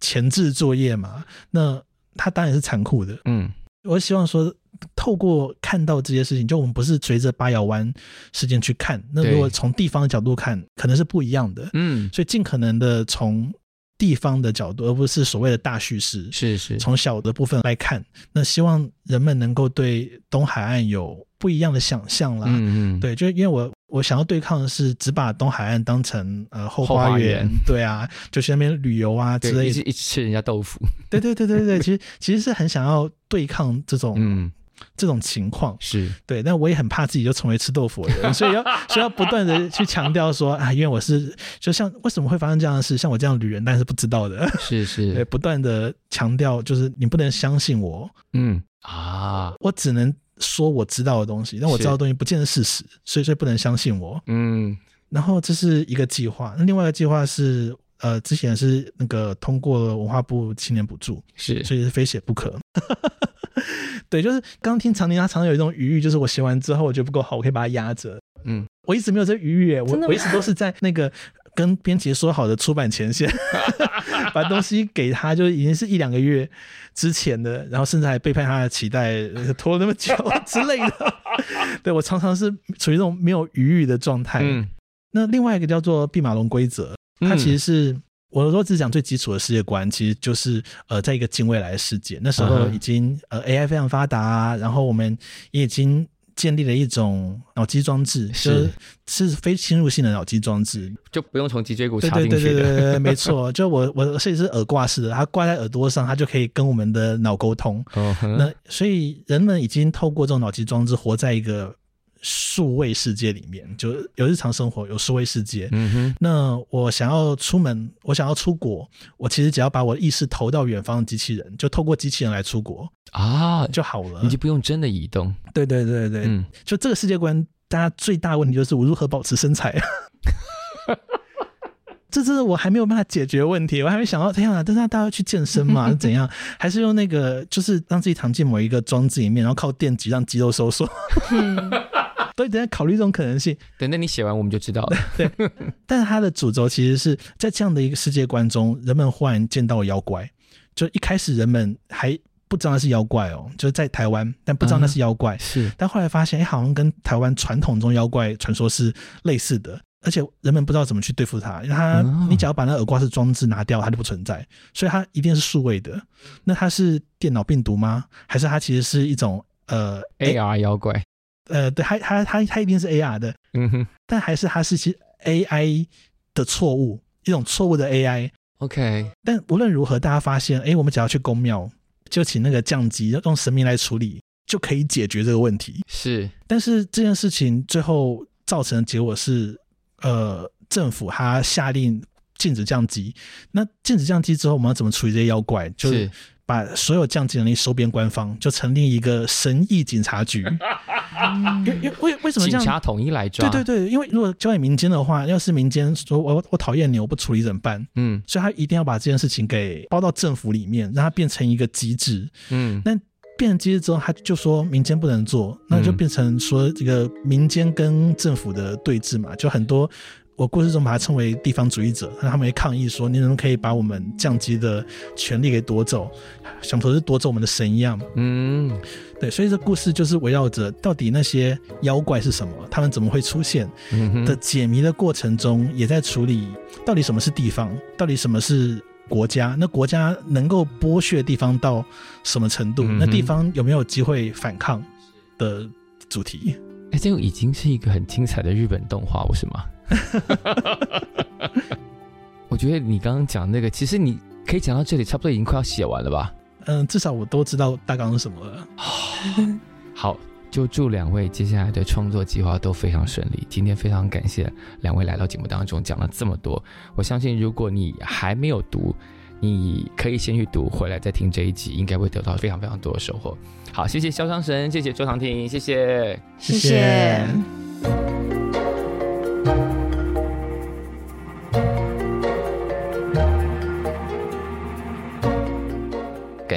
前置作業嘛。那它當然是殘酷的。嗯，我希望說透過看到這些事情，就我們不是隨着八瑤灣事件去看。那如果從地方的角度看，可能是不一樣的。嗯，所以盡可能的從地方的角度，而不是所謂的大敘事。是是，從小的部分來看，那希望人們能夠對東海岸有不一樣的想象啦。嗯嗯，對，就因為我。我想要對抗的是，只把東海岸當成呃後花園，對啊，就去那邊旅遊啊之類的，一起一起吃人家豆腐，對對對對對，其實其實是很想要對抗這種、嗯、這種情況，是對，但我也很怕自己就成為吃豆腐的人，所以要所以要不斷的去強調說 啊，因為我是就像為什麼會發生這樣的事，像我這樣旅人，但是不知道的，是是，對，不斷的強調就是你不能相信我，嗯啊，我只能。說我知道的東西，但我知道的東西不見得是事實，所以所以不能相信我。嗯，然後這是一個計劃，那另外一個計劃是呃，之前是那個通過文化部青年補助，是所以是非寫不可。 對，就是剛聽常婷，他常常有一種餘裕，就是我寫完之後我覺得不夠好，我可以把它壓着。嗯，我一直沒有這餘裕耶，我我一直都是在那個。跟編輯說好的出版前線 把東西給他就已經是一兩個月之前的，然後甚至還背叛他的期待，拖了那麼久之類的。 對，我常常是處於這種沒有餘裕的狀態，嗯。那另外一個叫做“弼馬龍規則”，它其實是我都只講最基礎的世界觀，其實就是呃，在一個近未來的世界，那時候已經呃 AI 非常發達，啊，然後我們也已經。建立了一種腦機裝置，就是是非侵入性的腦機裝置，就不用從脊椎骨插進去的對，對，對，對，對， 沒錯。就我，我其實設計是耳掛式的，它掛在耳朵上，它就可以跟我們的腦溝通。哦嗯、那所以人們已經透過這種腦機裝置，活在一個。數位世界裡面，就有日常生活，有數位世界。嗯哼，那我想要出門，我想要出國，我其實只要把我的意識投到遠方的機器人，就透過機器人來出國啊就好了，你就不用真的移動。對對對對，嗯，就這個世界觀，大家最大問題就是我如何保持身材 這這是我還沒有辦法解決問題，我還沒想到這樣啊！但是大家要去健身嘛，怎樣？還是用那個，就是讓自己躺進某一個裝置裡面，然後靠電極讓肌肉收縮。所以 等下考慮這種可能性。等等，你寫完我們就知道了。 對，但是它的主軸其實是在這樣的一個世界觀中，人們忽然見到妖怪，就一開始人們還不知道那是妖怪哦，就是在台灣，但不知道那是妖怪、嗯。是，但後來發現，哎，好像跟台灣傳統中妖怪傳說是類似的。而且人們不知道怎麼去對付它，因為它、oh. 你只要把那個耳掛式裝置拿掉，它就不存在，所以它一定是數位的。那它是電腦病毒嗎？還是它其實是一種呃 AR、欸、妖怪？呃，對，它它它它一定是 AR 的，嗯哼。但還是它是其 AI 的錯誤，一種錯誤的 AI。OK。但無論如何，大家發現，哎、欸，我們只要去宮廟，就請那個降級，用神明來處理，就可以解決這個問題。是。但是這件事情最後造成的結果是。呃，政府他下令禁止降級。那禁止降級之後，我們要怎麼處理這些妖怪？就是把所有降級能力收編官方，就成立一個神異警察局。 嗯、為為什麼這樣？警察統一來抓。對對對，因為如果交給民間的話，要是民間說我我討厭你，我不處理怎麼辦？嗯，所以他一定要把這件事情給包到政府裡面，讓它變成一個機製。嗯，那。變成機制之後，他就說民間不能做，那就變成說這個民間跟政府的對峙嘛。嗯、就很多我故事中把它稱為地方主義者，他們也抗議說你怎麼可以把我們降級的權力給奪走，想說是奪走我們的神一樣。嗯，對，所以這故事就是圍繞着到底那些妖怪是什麼，他們怎麼會出現的解謎的過程中，也在處理到底什麼是地方，到底什麼是。國家，那國家能夠剝削的地方到什麼程度？嗯、那地方有沒有機會反抗的主題哎、欸，這個已經是一個很精彩的日本動畫，不是嗎？ 我覺得你剛剛講那個，其實你可以講到這裡，差不多已經快要寫完了吧？嗯，至少我都知道大綱是什麼了。 好。就祝兩位接下來的創作計劃都非常順利。今天非常感謝兩位來到節目當中，講了這麼多。我相信，如果你還沒有讀，你可以先去讀，回來再聽這一集，應該會得到非常非常多的收穫。好，謝謝瀟湘神，謝謝邱常婷，謝謝，謝謝。謝謝